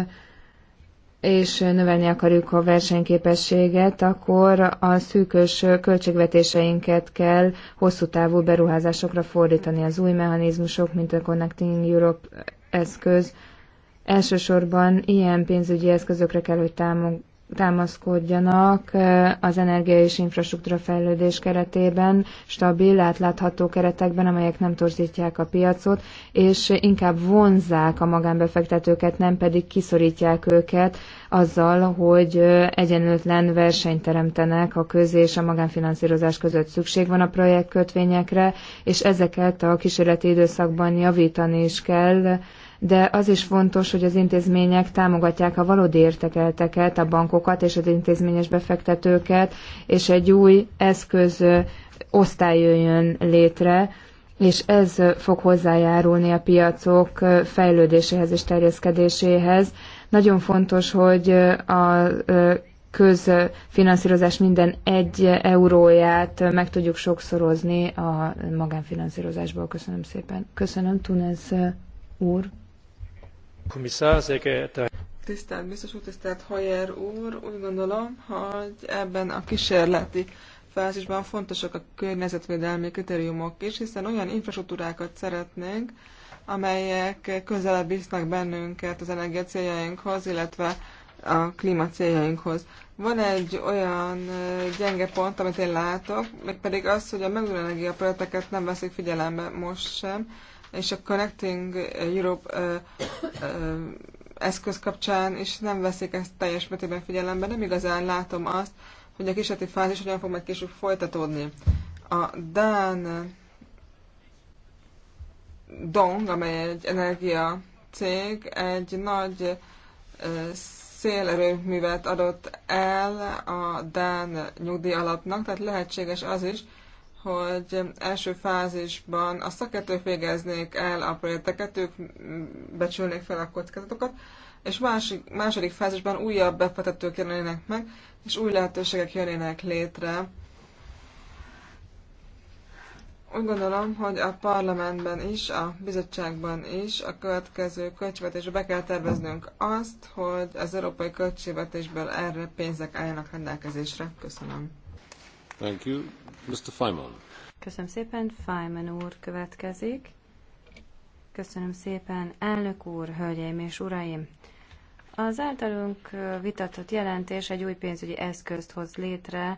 és növelni akarjuk a versenyképességet, akkor a szűkös költségvetéseinket kell hosszú távú beruházásokra fordítani. Az új mechanizmusok, mint a Connecting Europe eszköz, elsősorban ilyen pénzügyi eszközökre kell, hogy támog, támaszkodjanak az energia és infrastruktúra fejlődés keretében, stabil, átlátható keretekben, amelyek nem torzítják a piacot, és inkább vonzák a magánbefektetőket, nem pedig kiszorítják őket azzal, hogy egyenlőtlen versenyt teremtenek a köz és a magánfinanszírozás között szükség van a projektkötvényekre, és ezeket a kísérleti időszakban javítani is kell, de az is fontos, hogy az intézmények támogatják a valódi értekelteket, a bankokat és az intézményes befektetőket, és egy új eszköz osztály jöjjön létre, és ez fog hozzájárulni a piacok fejlődéséhez és terjeszkedéséhez. Nagyon fontos, hogy a közfinanszírozás minden egy euróját meg tudjuk sokszorozni a magánfinanszírozásból. Köszönöm szépen. Köszönöm, Tunez úr. Tisztelt biztos úr, tisztelt Hajer úr, úgy gondolom, hogy ebben a kísérleti fázisban fontosak a környezetvédelmi kritériumok is, hiszen olyan infrastruktúrákat szeretnénk, amelyek közelebb visznek bennünket az energia céljainkhoz, illetve a klíma céljainkhoz. Van egy olyan gyenge pont, amit én látok, mégpedig az, hogy a megújuló energiaprojekteket nem veszik figyelembe most sem, és a Connecting Europe ö, ö, eszköz kapcsán, és nem veszik ezt teljes mértékben figyelembe. Nem igazán látom azt, hogy a kísérleti fázis hogyan fog majd később folytatódni. A Dán Dong, amely egy energia cég, egy nagy szélerőművet adott el a Dán nyugdíj alapnak, tehát lehetséges az is, hogy első fázisban a szakértők végeznék el a projekteket, ők becsülnék fel a kockázatokat, és másik, második fázisban újabb befektetők jönnének meg, és új lehetőségek jönnének létre. Úgy gondolom, hogy a parlamentben is, a bizottságban is a következő költségvetésbe be kell terveznünk azt, hogy az európai költségvetésből erre pénzek álljanak rendelkezésre. Köszönöm. Thank you. Mr. Feynman. Köszönöm szépen, Feynman úr következik. Köszönöm szépen, elnök úr, hölgyeim és uraim! Az általunk vitatott jelentés egy új pénzügyi eszközt hoz létre,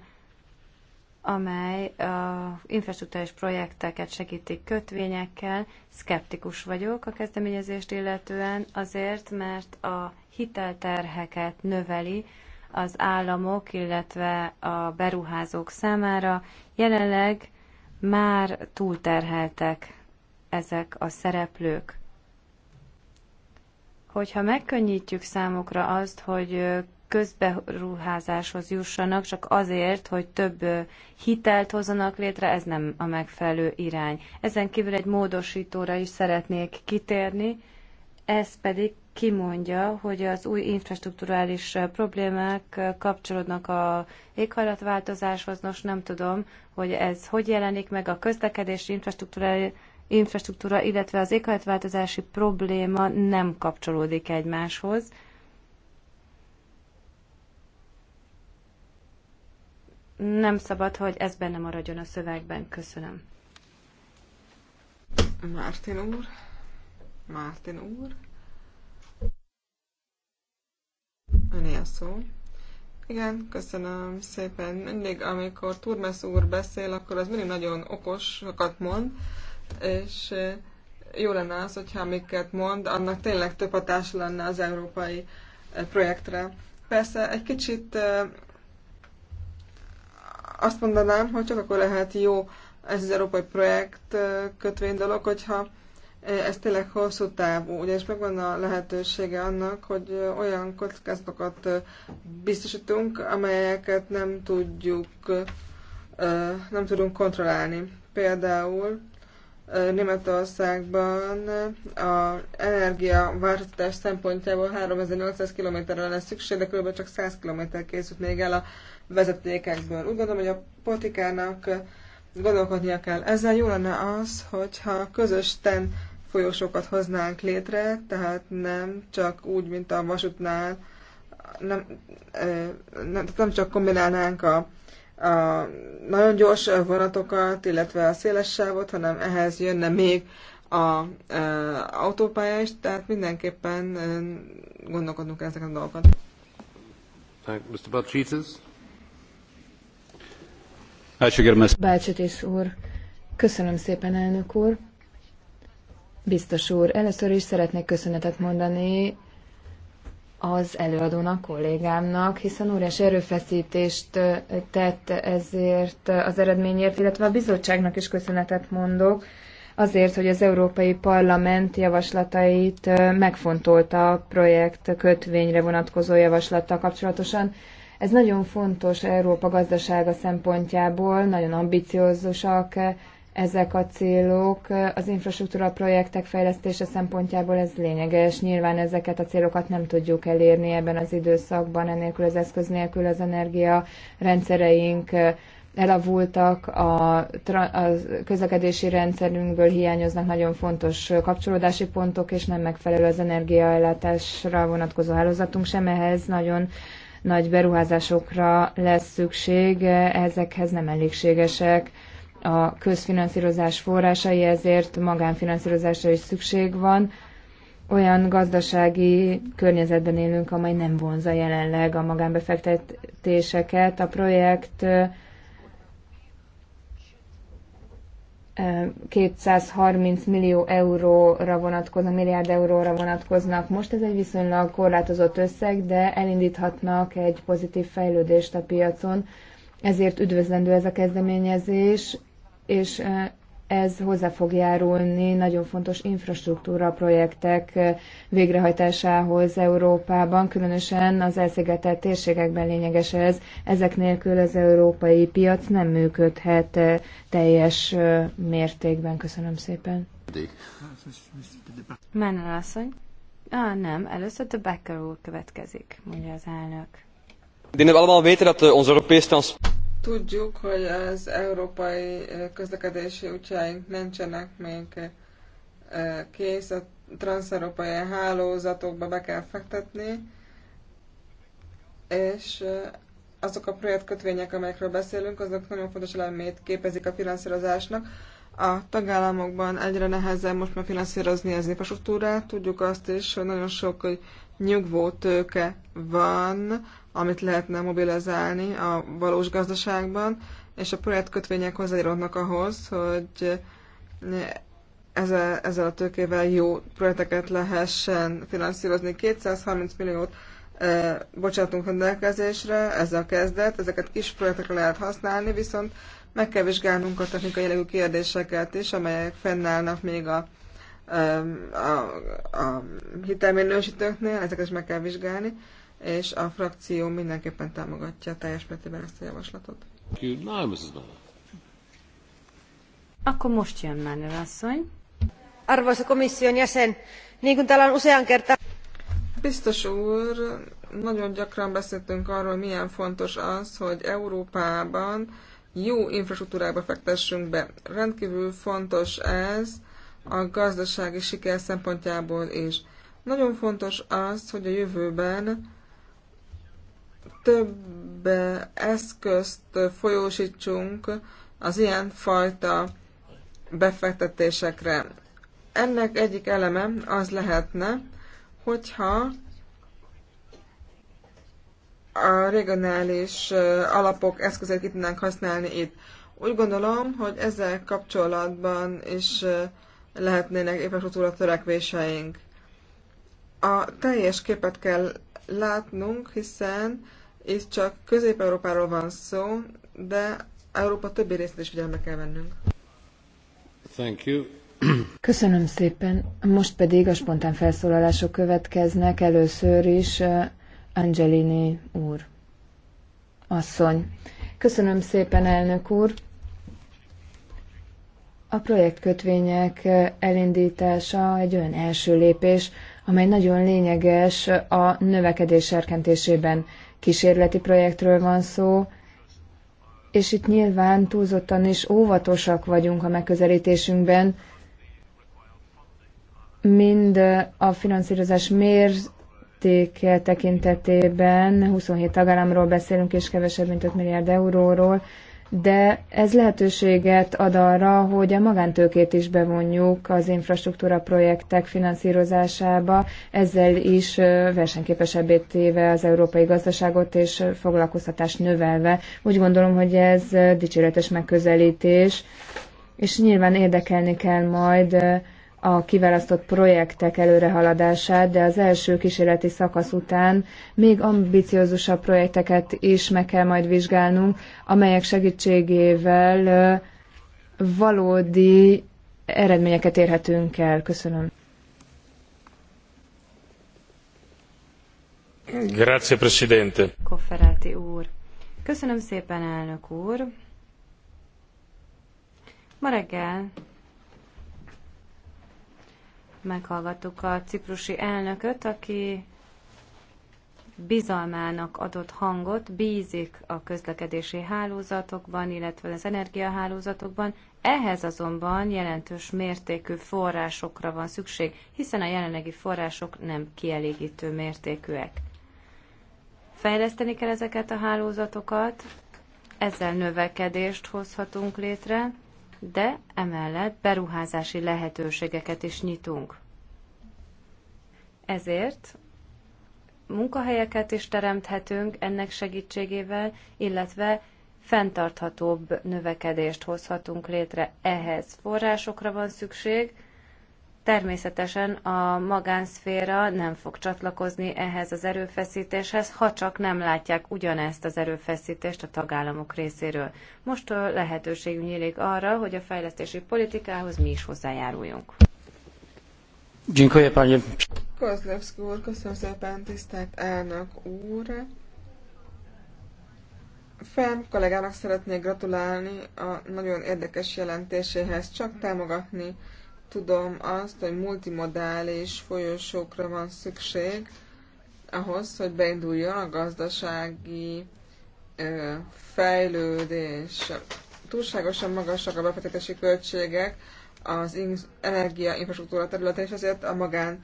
amely a infrastruktúrális projekteket segíti kötvényekkel. Skeptikus vagyok a kezdeményezést illetően azért, mert a hitelterheket növeli, az államok, illetve a beruházók számára. Jelenleg már túlterheltek ezek a szereplők. Hogyha megkönnyítjük számukra azt, hogy közberuházáshoz jussanak, csak azért, hogy több hitelt hozzanak létre, ez nem a megfelelő irány. Ezen kívül egy módosítóra is szeretnék kitérni, ez pedig kimondja, hogy az új infrastruktúrális problémák kapcsolódnak a éghajlatváltozáshoz. Nos, nem tudom, hogy ez hogy jelenik meg a közlekedés infrastruktúra, infrastruktúra, illetve az éghajlatváltozási probléma nem kapcsolódik egymáshoz. Nem szabad, hogy ez benne maradjon a szövegben. Köszönöm. Mártin úr. Mártin úr. Öné a szó. Igen, köszönöm szépen. Mindig, amikor Turmes úr beszél, akkor az mindig nagyon okosokat mond, és eh, jó lenne az, hogyha amiket mond, annak tényleg több hatása lenne az európai eh, projektre. Persze egy kicsit eh, azt mondanám, hogy csak akkor lehet jó ez az európai projekt kötvény dolog, hogyha E, ez tényleg hosszú távú, ugye és megvan a lehetősége annak, hogy olyan kockázatokat biztosítunk, amelyeket nem tudjuk, nem tudunk kontrollálni. Például Németországban a változtatás szempontjából 3800 kilométerre lesz szükség, de kb. csak 100 kilométer készült még el a vezetékekből. Úgy gondolom, hogy a politikának gondolkodnia kell. Ezzel jó lenne az, hogyha közösten folyosókat hoznánk létre, tehát nem csak úgy, mint a vasútnál, nem, nem, nem csak kombinálnánk a, a nagyon gyors vonatokat, illetve a széles sávot, hanem ehhez jönne még a, a autópálya is, tehát mindenképpen gondolkodnunk ezeken a dolgokat. Mr. Balcsitis. úr. Köszönöm szépen, elnök úr. Biztos úr, először is szeretnék köszönetet mondani az előadónak, kollégámnak, hiszen óriási erőfeszítést tett ezért az eredményért, illetve a bizottságnak is köszönetet mondok azért, hogy az Európai Parlament javaslatait megfontolta a projekt kötvényre vonatkozó javaslattal kapcsolatosan. Ez nagyon fontos Európa gazdasága szempontjából, nagyon ambiciózusak ezek a célok. Az infrastruktúra projektek fejlesztése szempontjából ez lényeges. Nyilván ezeket a célokat nem tudjuk elérni ebben az időszakban, enélkül az eszköz nélkül az energia rendszereink eh, elavultak, a, a közlekedési rendszerünkből hiányoznak nagyon fontos kapcsolódási pontok, és nem megfelelő az energiaellátásra vonatkozó hálózatunk sem. Ehhez nagyon nagy beruházásokra lesz szükség, eh, ezekhez nem elégségesek a közfinanszírozás forrásai, ezért magánfinanszírozásra is szükség van. Olyan gazdasági környezetben élünk, amely nem vonza jelenleg a magánbefektetéseket. A projekt 230 millió euróra vonatkoznak, milliárd euróra vonatkoznak. Most ez egy viszonylag korlátozott összeg, de elindíthatnak egy pozitív fejlődést a piacon. Ezért üdvözlendő ez a kezdeményezés, és ez hozzá fog járulni nagyon fontos infrastruktúra projektek végrehajtásához Európában, különösen az elszigetelt térségekben lényeges ez. Ezek nélkül az európai piac nem működhet teljes mértékben. Köszönöm szépen. Mennel asszony? Ah, nem, először a Becker úr következik, mondja az elnök. Ik allemaal weten dat eh, onze Europese transport... Tudjuk, hogy az európai közlekedési útjaink nincsenek még kész, a transzeurópai hálózatokba be kell fektetni, és azok a projektkötvények, amelyekről beszélünk, azok nagyon fontos elemét képezik a finanszírozásnak. A tagállamokban egyre nehezebb most már finanszírozni az infrastruktúrát. Tudjuk azt is, hogy nagyon sok hogy nyugvó tőke van amit lehetne mobilizálni a valós gazdaságban, és a projektkötvények hozzájárulnak ahhoz, hogy ezzel, ezzel a tőkével jó projekteket lehessen finanszírozni. 230 milliót e, bocsátunk rendelkezésre, ez a kezdet, ezeket kis projektekre lehet használni, viszont meg kell vizsgálnunk a technikai jellegű kérdéseket is, amelyek fennállnak még a, a, eh, a, a hitelminősítőknél, ezeket is meg kell vizsgálni és a frakció mindenképpen támogatja teljes mértékben ezt a javaslatot. Akkor most jön Manner asszony. Arvoisa komission jäsen, niin kuin täällä on usean kertaa... Biztos úr, nagyon gyakran beszéltünk arról, milyen fontos az, hogy Európában jó infrastruktúrába fektessünk be. Rendkívül fontos ez a gazdasági siker szempontjából is. Nagyon fontos az, hogy a jövőben több eszközt folyósítsunk az ilyen fajta befektetésekre. Ennek egyik eleme az lehetne, hogyha a regionális alapok eszközeit ki tudnánk használni itt. Úgy gondolom, hogy ezzel kapcsolatban is lehetnének infrastruktúra törekvéseink. A teljes képet kell látnunk, hiszen itt csak Közép-Európáról van szó, de Európa többi részét is figyelme kell vennünk. Thank you. Köszönöm szépen. Most pedig a spontán felszólalások következnek. Először is Angelini úr. Asszony. Köszönöm szépen, elnök úr. A projektkötvények elindítása egy olyan első lépés, amely nagyon lényeges a növekedés serkentésében kísérleti projektről van szó, és itt nyilván túlzottan is óvatosak vagyunk a megközelítésünkben, mind a finanszírozás mértéke tekintetében 27 tagállamról beszélünk, és kevesebb, mint 5 milliárd euróról, de ez lehetőséget ad arra, hogy a magántőkét is bevonjuk az infrastruktúra projektek finanszírozásába, ezzel is versenyképesebbé téve az európai gazdaságot és foglalkoztatást növelve. Úgy gondolom, hogy ez dicséretes megközelítés, és nyilván érdekelni kell majd a kiválasztott projektek előrehaladását, de az első kísérleti szakasz után még ambiciózusabb projekteket is meg kell majd vizsgálnunk, amelyek segítségével valódi eredményeket érhetünk el. Köszönöm. Grazie, Presidente. Kofferáti úr. Köszönöm szépen, elnök úr. Ma reggel meghallgattuk a ciprusi elnököt, aki bizalmának adott hangot, bízik a közlekedési hálózatokban, illetve az energiahálózatokban, ehhez azonban jelentős mértékű forrásokra van szükség, hiszen a jelenlegi források nem kielégítő mértékűek. Fejleszteni kell ezeket a hálózatokat, ezzel növekedést hozhatunk létre, de emellett beruházási lehetőségeket is nyitunk. Ezért munkahelyeket is teremthetünk ennek segítségével, illetve fenntarthatóbb növekedést hozhatunk létre. Ehhez forrásokra van szükség, Természetesen a magánszféra nem fog csatlakozni ehhez az erőfeszítéshez, ha csak nem látják ugyanezt az erőfeszítést a tagállamok részéről. Most lehetőségünk nyílik arra, hogy a fejlesztési politikához mi is hozzájáruljunk. Dziękuję úr, köszönöm szépen, tisztelt elnök úr. Fenn kollégának szeretnék gratulálni a nagyon érdekes jelentéséhez, csak támogatni tudom azt, hogy multimodális folyosókra van szükség ahhoz, hogy beinduljon a gazdasági ö, fejlődés. Túlságosan magasak a befektetési költségek az energiainfrastruktúra területén, és ezért a magán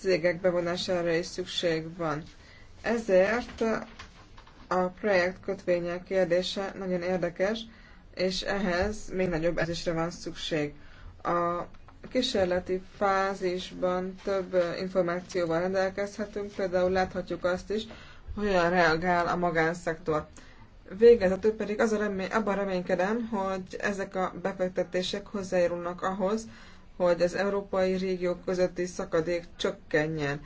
cégek bevonására is szükség van. Ezért a projekt kötvények kérdése nagyon érdekes, és ehhez még nagyobb ezésre van szükség. A kísérleti fázisban több információval rendelkezhetünk, például láthatjuk azt is, hogyan reagál a magánszektor. Végezetül pedig az a remény, abban reménykedem, hogy ezek a befektetések hozzájárulnak ahhoz, hogy az európai régiók közötti szakadék csökkenjen.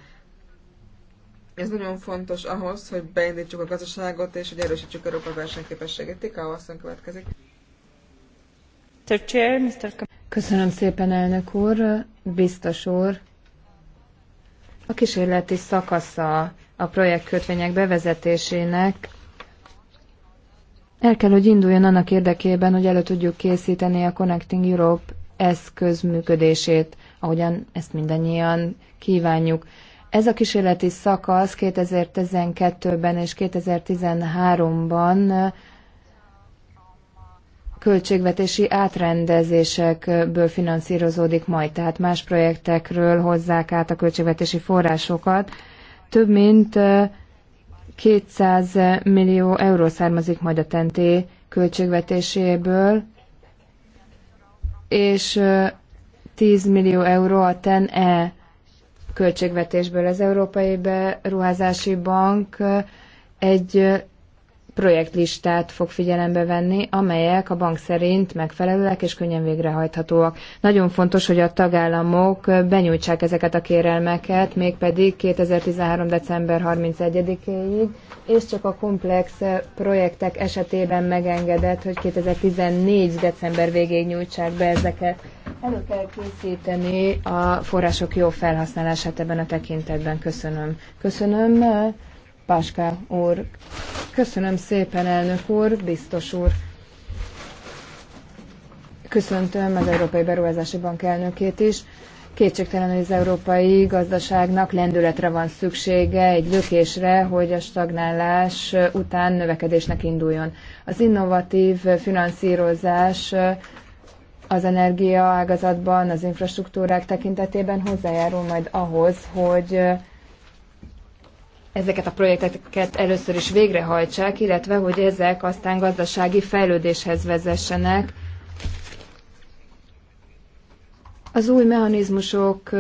Ez nagyon fontos ahhoz, hogy beindítsuk a gazdaságot és hogy erősítsük Európa versenyképességét. Tika, aztán következik. Mr. Chair, Mr. Köszönöm szépen, elnök úr, biztos úr. A kísérleti szakasza a projektkötvények bevezetésének el kell, hogy induljon annak érdekében, hogy elő tudjuk készíteni a Connecting Europe eszköz működését, ahogyan ezt mindannyian kívánjuk. Ez a kísérleti szakasz 2012-ben és 2013-ban költségvetési átrendezésekből finanszírozódik majd, tehát más projektekről hozzák át a költségvetési forrásokat. Több mint 200 millió euró származik majd a TNT költségvetéséből, és 10 millió euró a TEN-E költségvetésből. Az Európai Beruházási Bank egy projektlistát fog figyelembe venni, amelyek a bank szerint megfelelőek és könnyen végrehajthatóak. Nagyon fontos, hogy a tagállamok benyújtsák ezeket a kérelmeket, mégpedig 2013. december 31-éig, és csak a komplex projektek esetében megengedett, hogy 2014. december végéig nyújtsák be ezeket. Elő kell készíteni a források jó felhasználását ebben a tekintetben. Köszönöm. Köszönöm. Páska úr. Köszönöm szépen, elnök úr, biztos úr. Köszöntöm az Európai Beruházási Bank elnökét is. Kétségtelen, hogy az európai gazdaságnak lendületre van szüksége, egy lökésre, hogy a stagnálás után növekedésnek induljon. Az innovatív finanszírozás az energia ágazatban, az infrastruktúrák tekintetében hozzájárul majd ahhoz, hogy ezeket a projekteket először is végrehajtsák, illetve hogy ezek aztán gazdasági fejlődéshez vezessenek. Az új mechanizmusok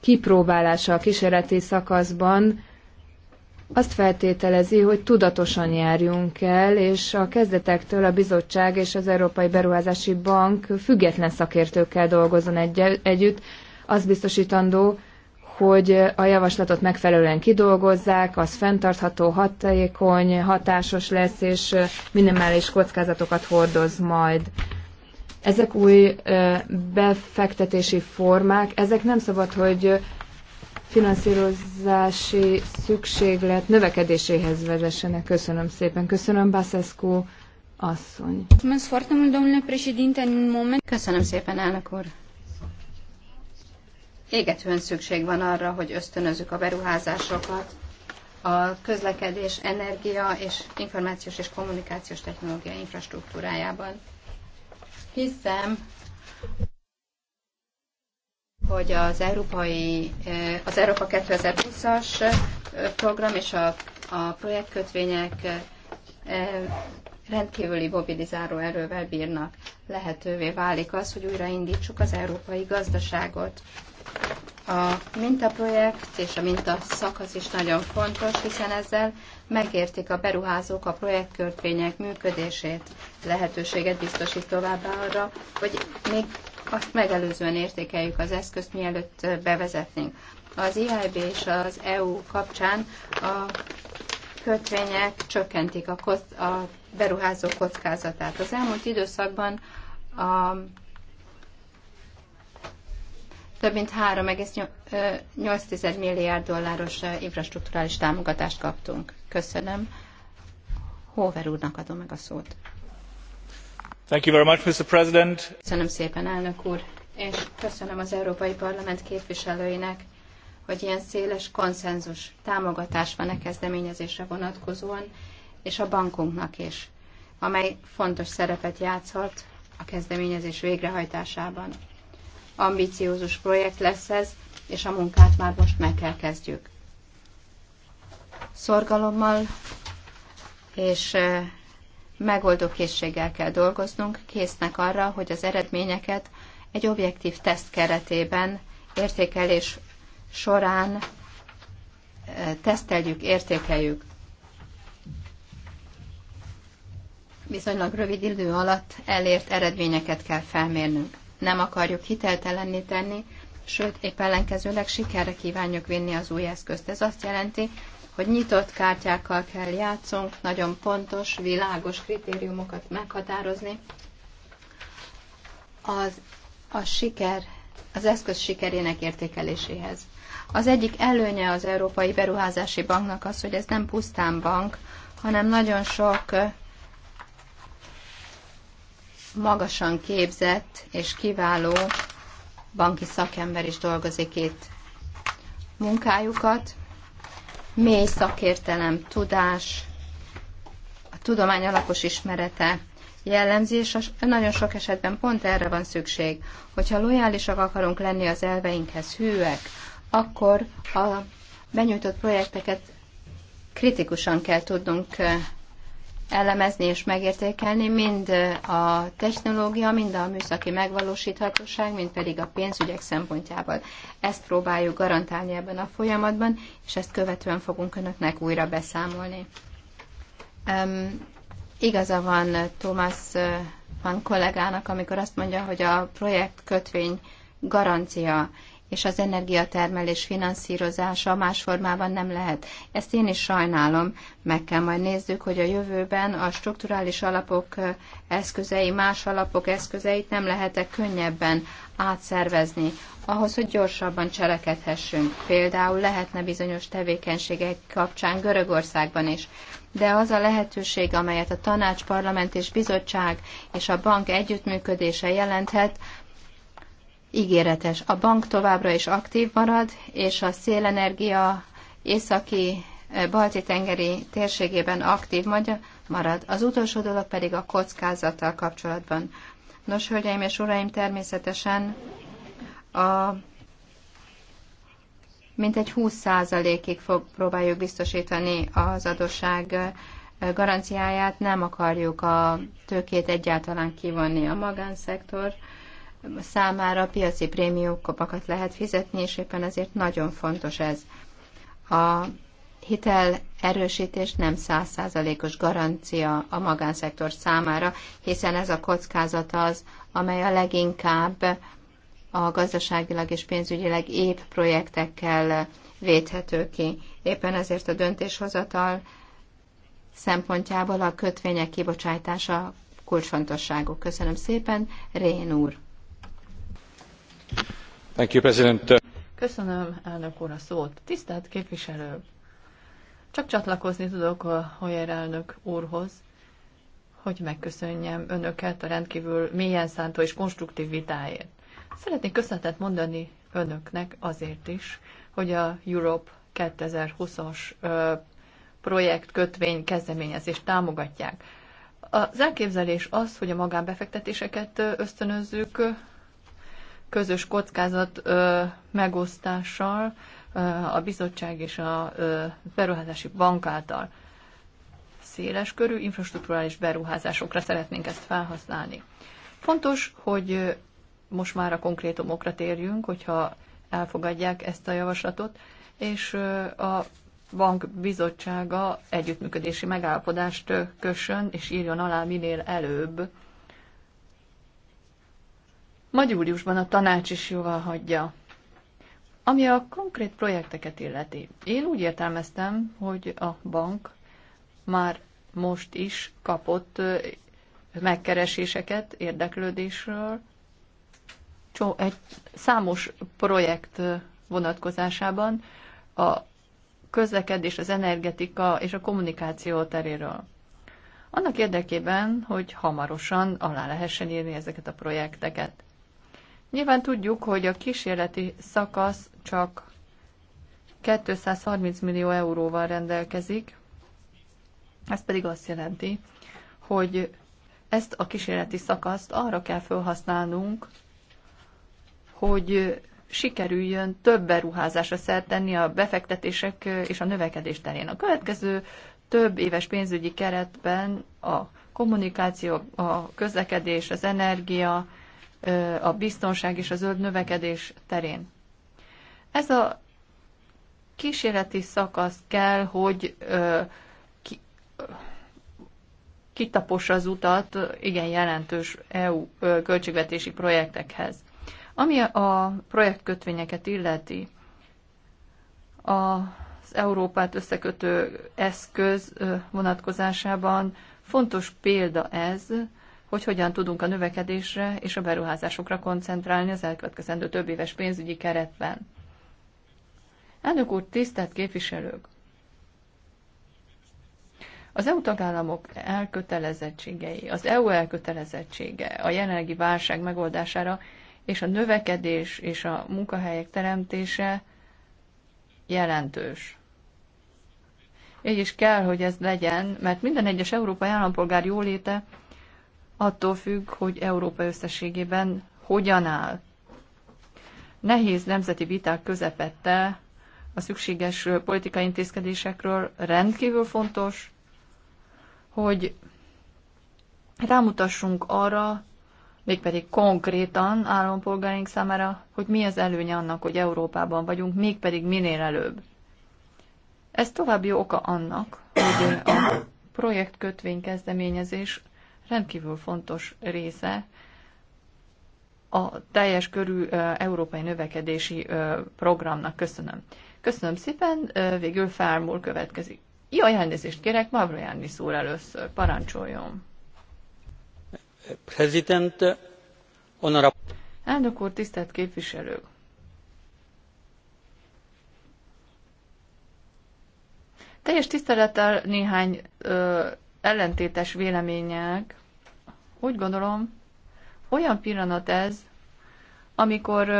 kipróbálása a kísérleti szakaszban azt feltételezi, hogy tudatosan járjunk el, és a kezdetektől a bizottság és az Európai Beruházási Bank független szakértőkkel dolgozon egy- együtt, az biztosítandó, hogy a javaslatot megfelelően kidolgozzák, az fenntartható, hatékony, hatásos lesz, és minimális kockázatokat hordoz majd. Ezek új befektetési formák, ezek nem szabad, hogy finanszírozási szükséglet növekedéséhez vezessenek. Köszönöm szépen. Köszönöm, Baszeszkó asszony. Köszönöm szépen, elnök úr. Égetően szükség van arra, hogy ösztönözzük a beruházásokat a közlekedés, energia és információs és kommunikációs technológia infrastruktúrájában. Hiszem, hogy az európai, eh, az Európa 2020-as eh, program és a, a projektkötvények eh, rendkívüli mobilizáló erővel bírnak. Lehetővé válik az, hogy újraindítsuk az európai gazdaságot. A mintaprojekt és a mintaszakasz is nagyon fontos, hiszen ezzel megértik a beruházók a projektkörtvények működését, lehetőséget biztosít továbbá arra, hogy még azt megelőzően értékeljük az eszközt, mielőtt bevezetnénk. Az e IIB és az EU kapcsán a kötvények csökkentik a, koz, a beruházó kockázatát. Az elmúlt időszakban a több mint 3,8 milliárd dolláros infrastruktúrális támogatást kaptunk. Köszönöm. Hover úrnak adom meg a szót. Thank you very much, Mr. President. Köszönöm szépen, elnök úr, és köszönöm az Európai Parlament képviselőinek, hogy ilyen széles konszenzus támogatás van a e kezdeményezésre vonatkozóan, és a bankunknak is, amely fontos szerepet játszhat a kezdeményezés végrehajtásában ambiciózus projekt lesz ez, és a munkát már most meg kell kezdjük. Szorgalommal és eh, megoldó készséggel kell dolgoznunk, késznek arra, hogy az eredményeket egy objektív teszt keretében értékelés során eh, teszteljük, értékeljük. Viszonylag rövid idő alatt elért eredményeket kell felmérnünk nem akarjuk hiteltelenné tenni, sőt, épp ellenkezőleg sikerre kívánjuk vinni az új eszközt. Ez azt jelenti, hogy nyitott kártyákkal kell játszunk, nagyon pontos, világos kritériumokat meghatározni. Az, a siker, az eszköz sikerének értékeléséhez. Az egyik előnye az Európai Beruházási Banknak az, hogy ez nem pusztán bank, hanem nagyon sok magasan képzett és kiváló banki szakember is dolgozik itt. Munkájukat mély szakértelem, tudás, a tudomány alapos ismerete jellemzi, és nagyon sok esetben pont erre van szükség. Hogyha lojálisak akarunk lenni az elveinkhez, hűek, akkor a benyújtott projekteket kritikusan kell tudnunk elemezni és megértékelni, mind a technológia, mind a műszaki megvalósíthatóság, mind pedig a pénzügyek szempontjából. Ezt próbáljuk garantálni ebben a folyamatban, és ezt követően fogunk Önöknek újra beszámolni. Um, igaza van Thomas eh, van kollégának, amikor azt mondja, hogy a projekt kötvény garancia, és az energiatermelés finanszírozása más formában nem lehet. Ezt én is sajnálom, meg kell majd nézzük, hogy a jövőben a strukturális alapok eszközei, más alapok eszközeit nem lehetek könnyebben átszervezni, ahhoz, hogy gyorsabban cselekedhessünk. Például lehetne bizonyos tevékenységek kapcsán Görögországban is, de az a lehetőség, amelyet a tanács, parlament és bizottság és a bank együttműködése jelenthet, ígéretes. A bank továbbra is aktív marad, és a szélenergia északi eh, balti-tengeri térségében aktív marad. Az utolsó dolog pedig a kockázattal kapcsolatban. Nos, hölgyeim és uraim, természetesen a mintegy 20%-ig fog, próbáljuk biztosítani az adosság eh, garanciáját, nem akarjuk a tőkét egyáltalán kivonni a magánszektor számára piaci prémiumkopakat lehet fizetni, és éppen ezért nagyon fontos ez. A hitel erősítés nem százszázalékos garancia a magánszektor számára, hiszen ez a kockázat az, amely a leginkább a gazdaságilag és pénzügyileg épp projektekkel védhető ki. Éppen ezért a döntéshozatal szempontjából a kötvények kibocsátása kulcsfontosságú. Köszönöm szépen, Rén úr! Köszönöm, elnök úr, a szót. Tisztelt képviselő! Csak csatlakozni tudok a Hoyer elnök úrhoz, hogy megköszönjem önöket a rendkívül mélyen szántó és konstruktív vitáért. Szeretnék köszönetet mondani önöknek azért is, hogy a Europe 2020-as projekt kötvény kezdeményezést támogatják. Az elképzelés az, hogy a magánbefektetéseket ösztönözzük, közös kockázat ö, megosztással ö, a bizottság és a ö, beruházási bank által. Széles körű infrastruktúrális beruházásokra szeretnénk ezt felhasználni. Fontos, hogy most már a konkrétumokra térjünk, hogyha elfogadják ezt a javaslatot, és a bank bizottsága együttműködési megállapodást kössön és írjon alá minél előbb majd júliusban a tanács is jóvá hagyja. Ami a konkrét projekteket illeti, én úgy értelmeztem, hogy a bank már most is kapott megkereséseket érdeklődésről, egy számos projekt vonatkozásában a közlekedés, az energetika és a kommunikáció teréről. Annak érdekében, hogy hamarosan alá lehessen írni ezeket a projekteket. Nyilván tudjuk, hogy a kísérleti szakasz csak 230 millió euróval rendelkezik, ez pedig azt jelenti, hogy ezt a kísérleti szakaszt arra kell felhasználnunk, hogy sikerüljön több beruházásra szert tenni a befektetések és a növekedés terén. A következő több éves pénzügyi keretben a kommunikáció, a közlekedés, az energia, a biztonság és a zöld növekedés terén. Ez a kísérleti szakasz kell, hogy ki, kitapossa az utat igen jelentős EU költségvetési projektekhez. Ami a projektkötvényeket illeti, az Európát összekötő eszköz vonatkozásában fontos példa ez, hogy hogyan tudunk a növekedésre és a beruházásokra koncentrálni az elkövetkezendő több éves pénzügyi keretben. Elnök úr, tisztelt képviselők! Az EU tagállamok elkötelezettségei, az EU elkötelezettsége a jelenlegi válság megoldására és a növekedés és a munkahelyek teremtése jelentős. Így is kell, hogy ez legyen, mert minden egyes európai állampolgár jóléte attól függ, hogy Európa összességében hogyan áll. Nehéz nemzeti viták közepette a szükséges politikai intézkedésekről rendkívül fontos, hogy rámutassunk arra, mégpedig konkrétan állampolgáink számára, hogy mi az előnye annak, hogy Európában vagyunk, mégpedig minél előbb. Ez további oka annak, hogy a projektkötvény kezdeményezés rendkívül fontos része a teljes körű európai növekedési programnak. Köszönöm. Köszönöm szépen, végül Fármúl következik. Jó elnézést kérek, Mavro Jánisz először, parancsoljon. President, honorable... Elnök úr, tisztelt képviselők! Teljes tisztelettel néhány ö, ellentétes vélemények úgy gondolom, olyan pillanat ez, amikor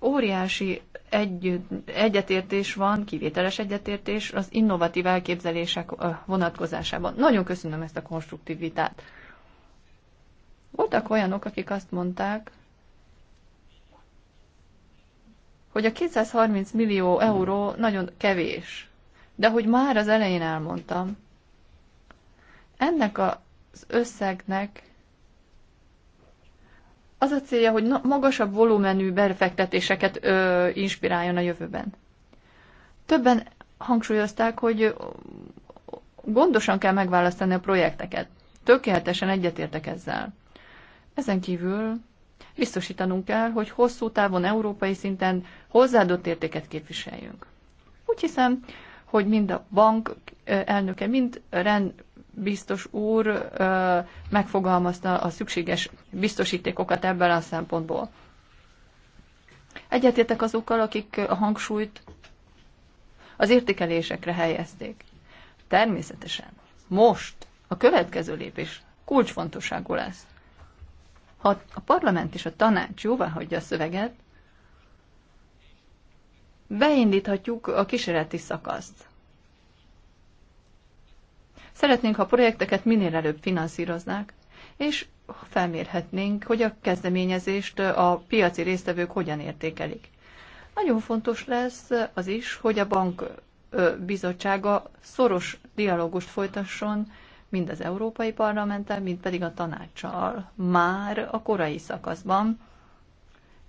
óriási együtt, egyetértés van, kivételes egyetértés az innovatív elképzelések vonatkozásában. Nagyon köszönöm ezt a konstruktív vitát. Voltak olyanok, akik azt mondták, hogy a 230 millió euró nagyon kevés. De hogy már az elején elmondtam, ennek a az összegnek az a célja, hogy magasabb volumenű befektetéseket ö, inspiráljon a jövőben. Többen hangsúlyozták, hogy gondosan kell megválasztani a projekteket. Tökéletesen egyetértek ezzel. Ezen kívül biztosítanunk kell, hogy hosszú távon európai szinten hozzáadott értéket képviseljünk. Úgy hiszem, hogy mind a bank elnöke, mind rend biztos úr megfogalmazta a szükséges biztosítékokat ebben a szempontból. Egyetértek azokkal, akik a hangsúlyt az értékelésekre helyezték. Természetesen most a következő lépés kulcsfontosságú lesz. Ha a parlament és a tanács jóvá hagyja a szöveget, beindíthatjuk a kísérleti szakaszt. Szeretnénk, ha a projekteket minél előbb finanszíroznák, és felmérhetnénk, hogy a kezdeményezést a piaci résztvevők hogyan értékelik. Nagyon fontos lesz az is, hogy a bank bizottsága szoros dialógust folytasson mind az Európai Parlamenttel, mind pedig a tanácssal már a korai szakaszban,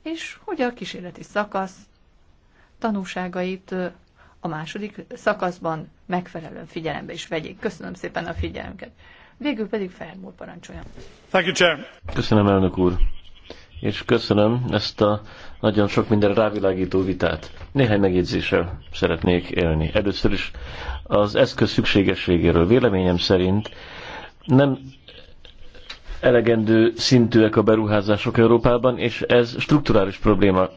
és hogy a kísérleti szakasz tanúságait a második szakaszban megfelelően figyelembe is vegyék. Köszönöm szépen a figyelmüket. Végül pedig Fermúl parancsoljon. Thank you, Chair. Köszönöm, elnök úr. És köszönöm ezt a nagyon sok minden rávilágító vitát. Néhány megjegyzéssel szeretnék élni. Először is az eszköz szükségességéről. Véleményem szerint nem elegendő szintűek a beruházások Európában, és ez strukturális probléma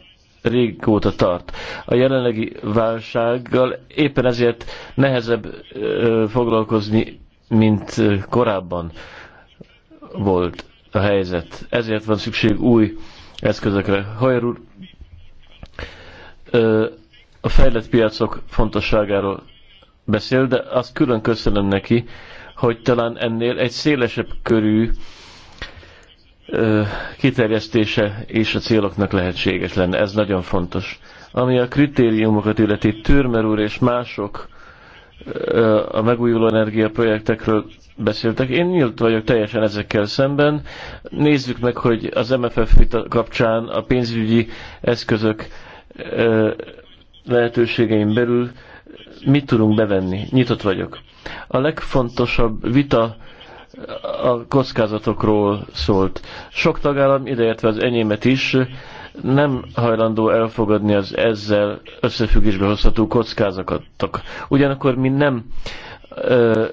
régóta tart. A jelenlegi válsággal éppen ezért nehezebb foglalkozni, mint korábban volt a helyzet. Ezért van szükség új eszközökre. Hajer úr, a fejlett piacok fontosságáról beszél, de azt külön köszönöm neki, hogy talán ennél egy szélesebb körű kiterjesztése és a céloknak lehetséges lenne. Ez nagyon fontos. Ami a kritériumokat illeti, Türmer úr és mások a megújuló energia projektekről beszéltek. Én nyílt vagyok teljesen ezekkel szemben. Nézzük meg, hogy az MFF kapcsán a pénzügyi eszközök lehetőségeim belül mit tudunk bevenni. Nyitott vagyok. A legfontosabb vita a kockázatokról szólt. Sok tagállam, ideértve az enyémet is, nem hajlandó elfogadni az ezzel összefüggésbe hozható kockázatokat. Ugyanakkor mi nem ö,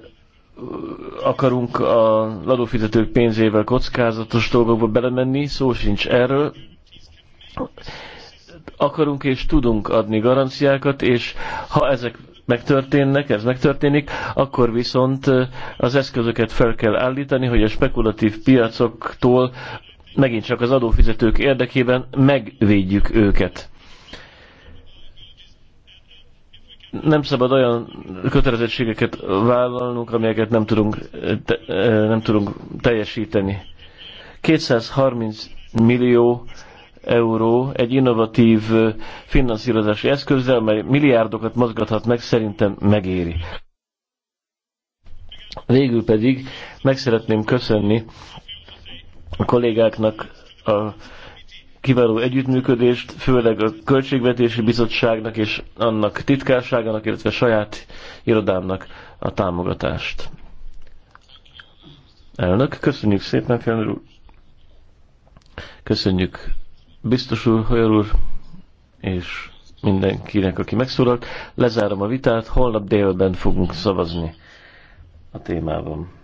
akarunk a ladófizetők pénzével kockázatos dolgokba belemenni, szó sincs erről. Akarunk és tudunk adni garanciákat, és ha ezek megtörténnek, ez megtörténik, akkor viszont az eszközöket fel kell állítani, hogy a spekulatív piacoktól megint csak az adófizetők érdekében megvédjük őket. Nem szabad olyan kötelezettségeket vállalnunk, amelyeket nem tudunk, te, nem tudunk teljesíteni. 230 millió euró egy innovatív finanszírozási eszközzel, mely milliárdokat mozgathat meg, szerintem megéri. Végül pedig meg szeretném köszönni a kollégáknak a kiváló együttműködést, főleg a Költségvetési Bizottságnak és annak titkárságának, illetve saját irodámnak a támogatást. Elnök, köszönjük szépen, Fjellner úr. Köszönjük biztos úr, Hajar úr, és mindenkinek, aki megszólalt. Lezárom a vitát, holnap délben fogunk szavazni a témában.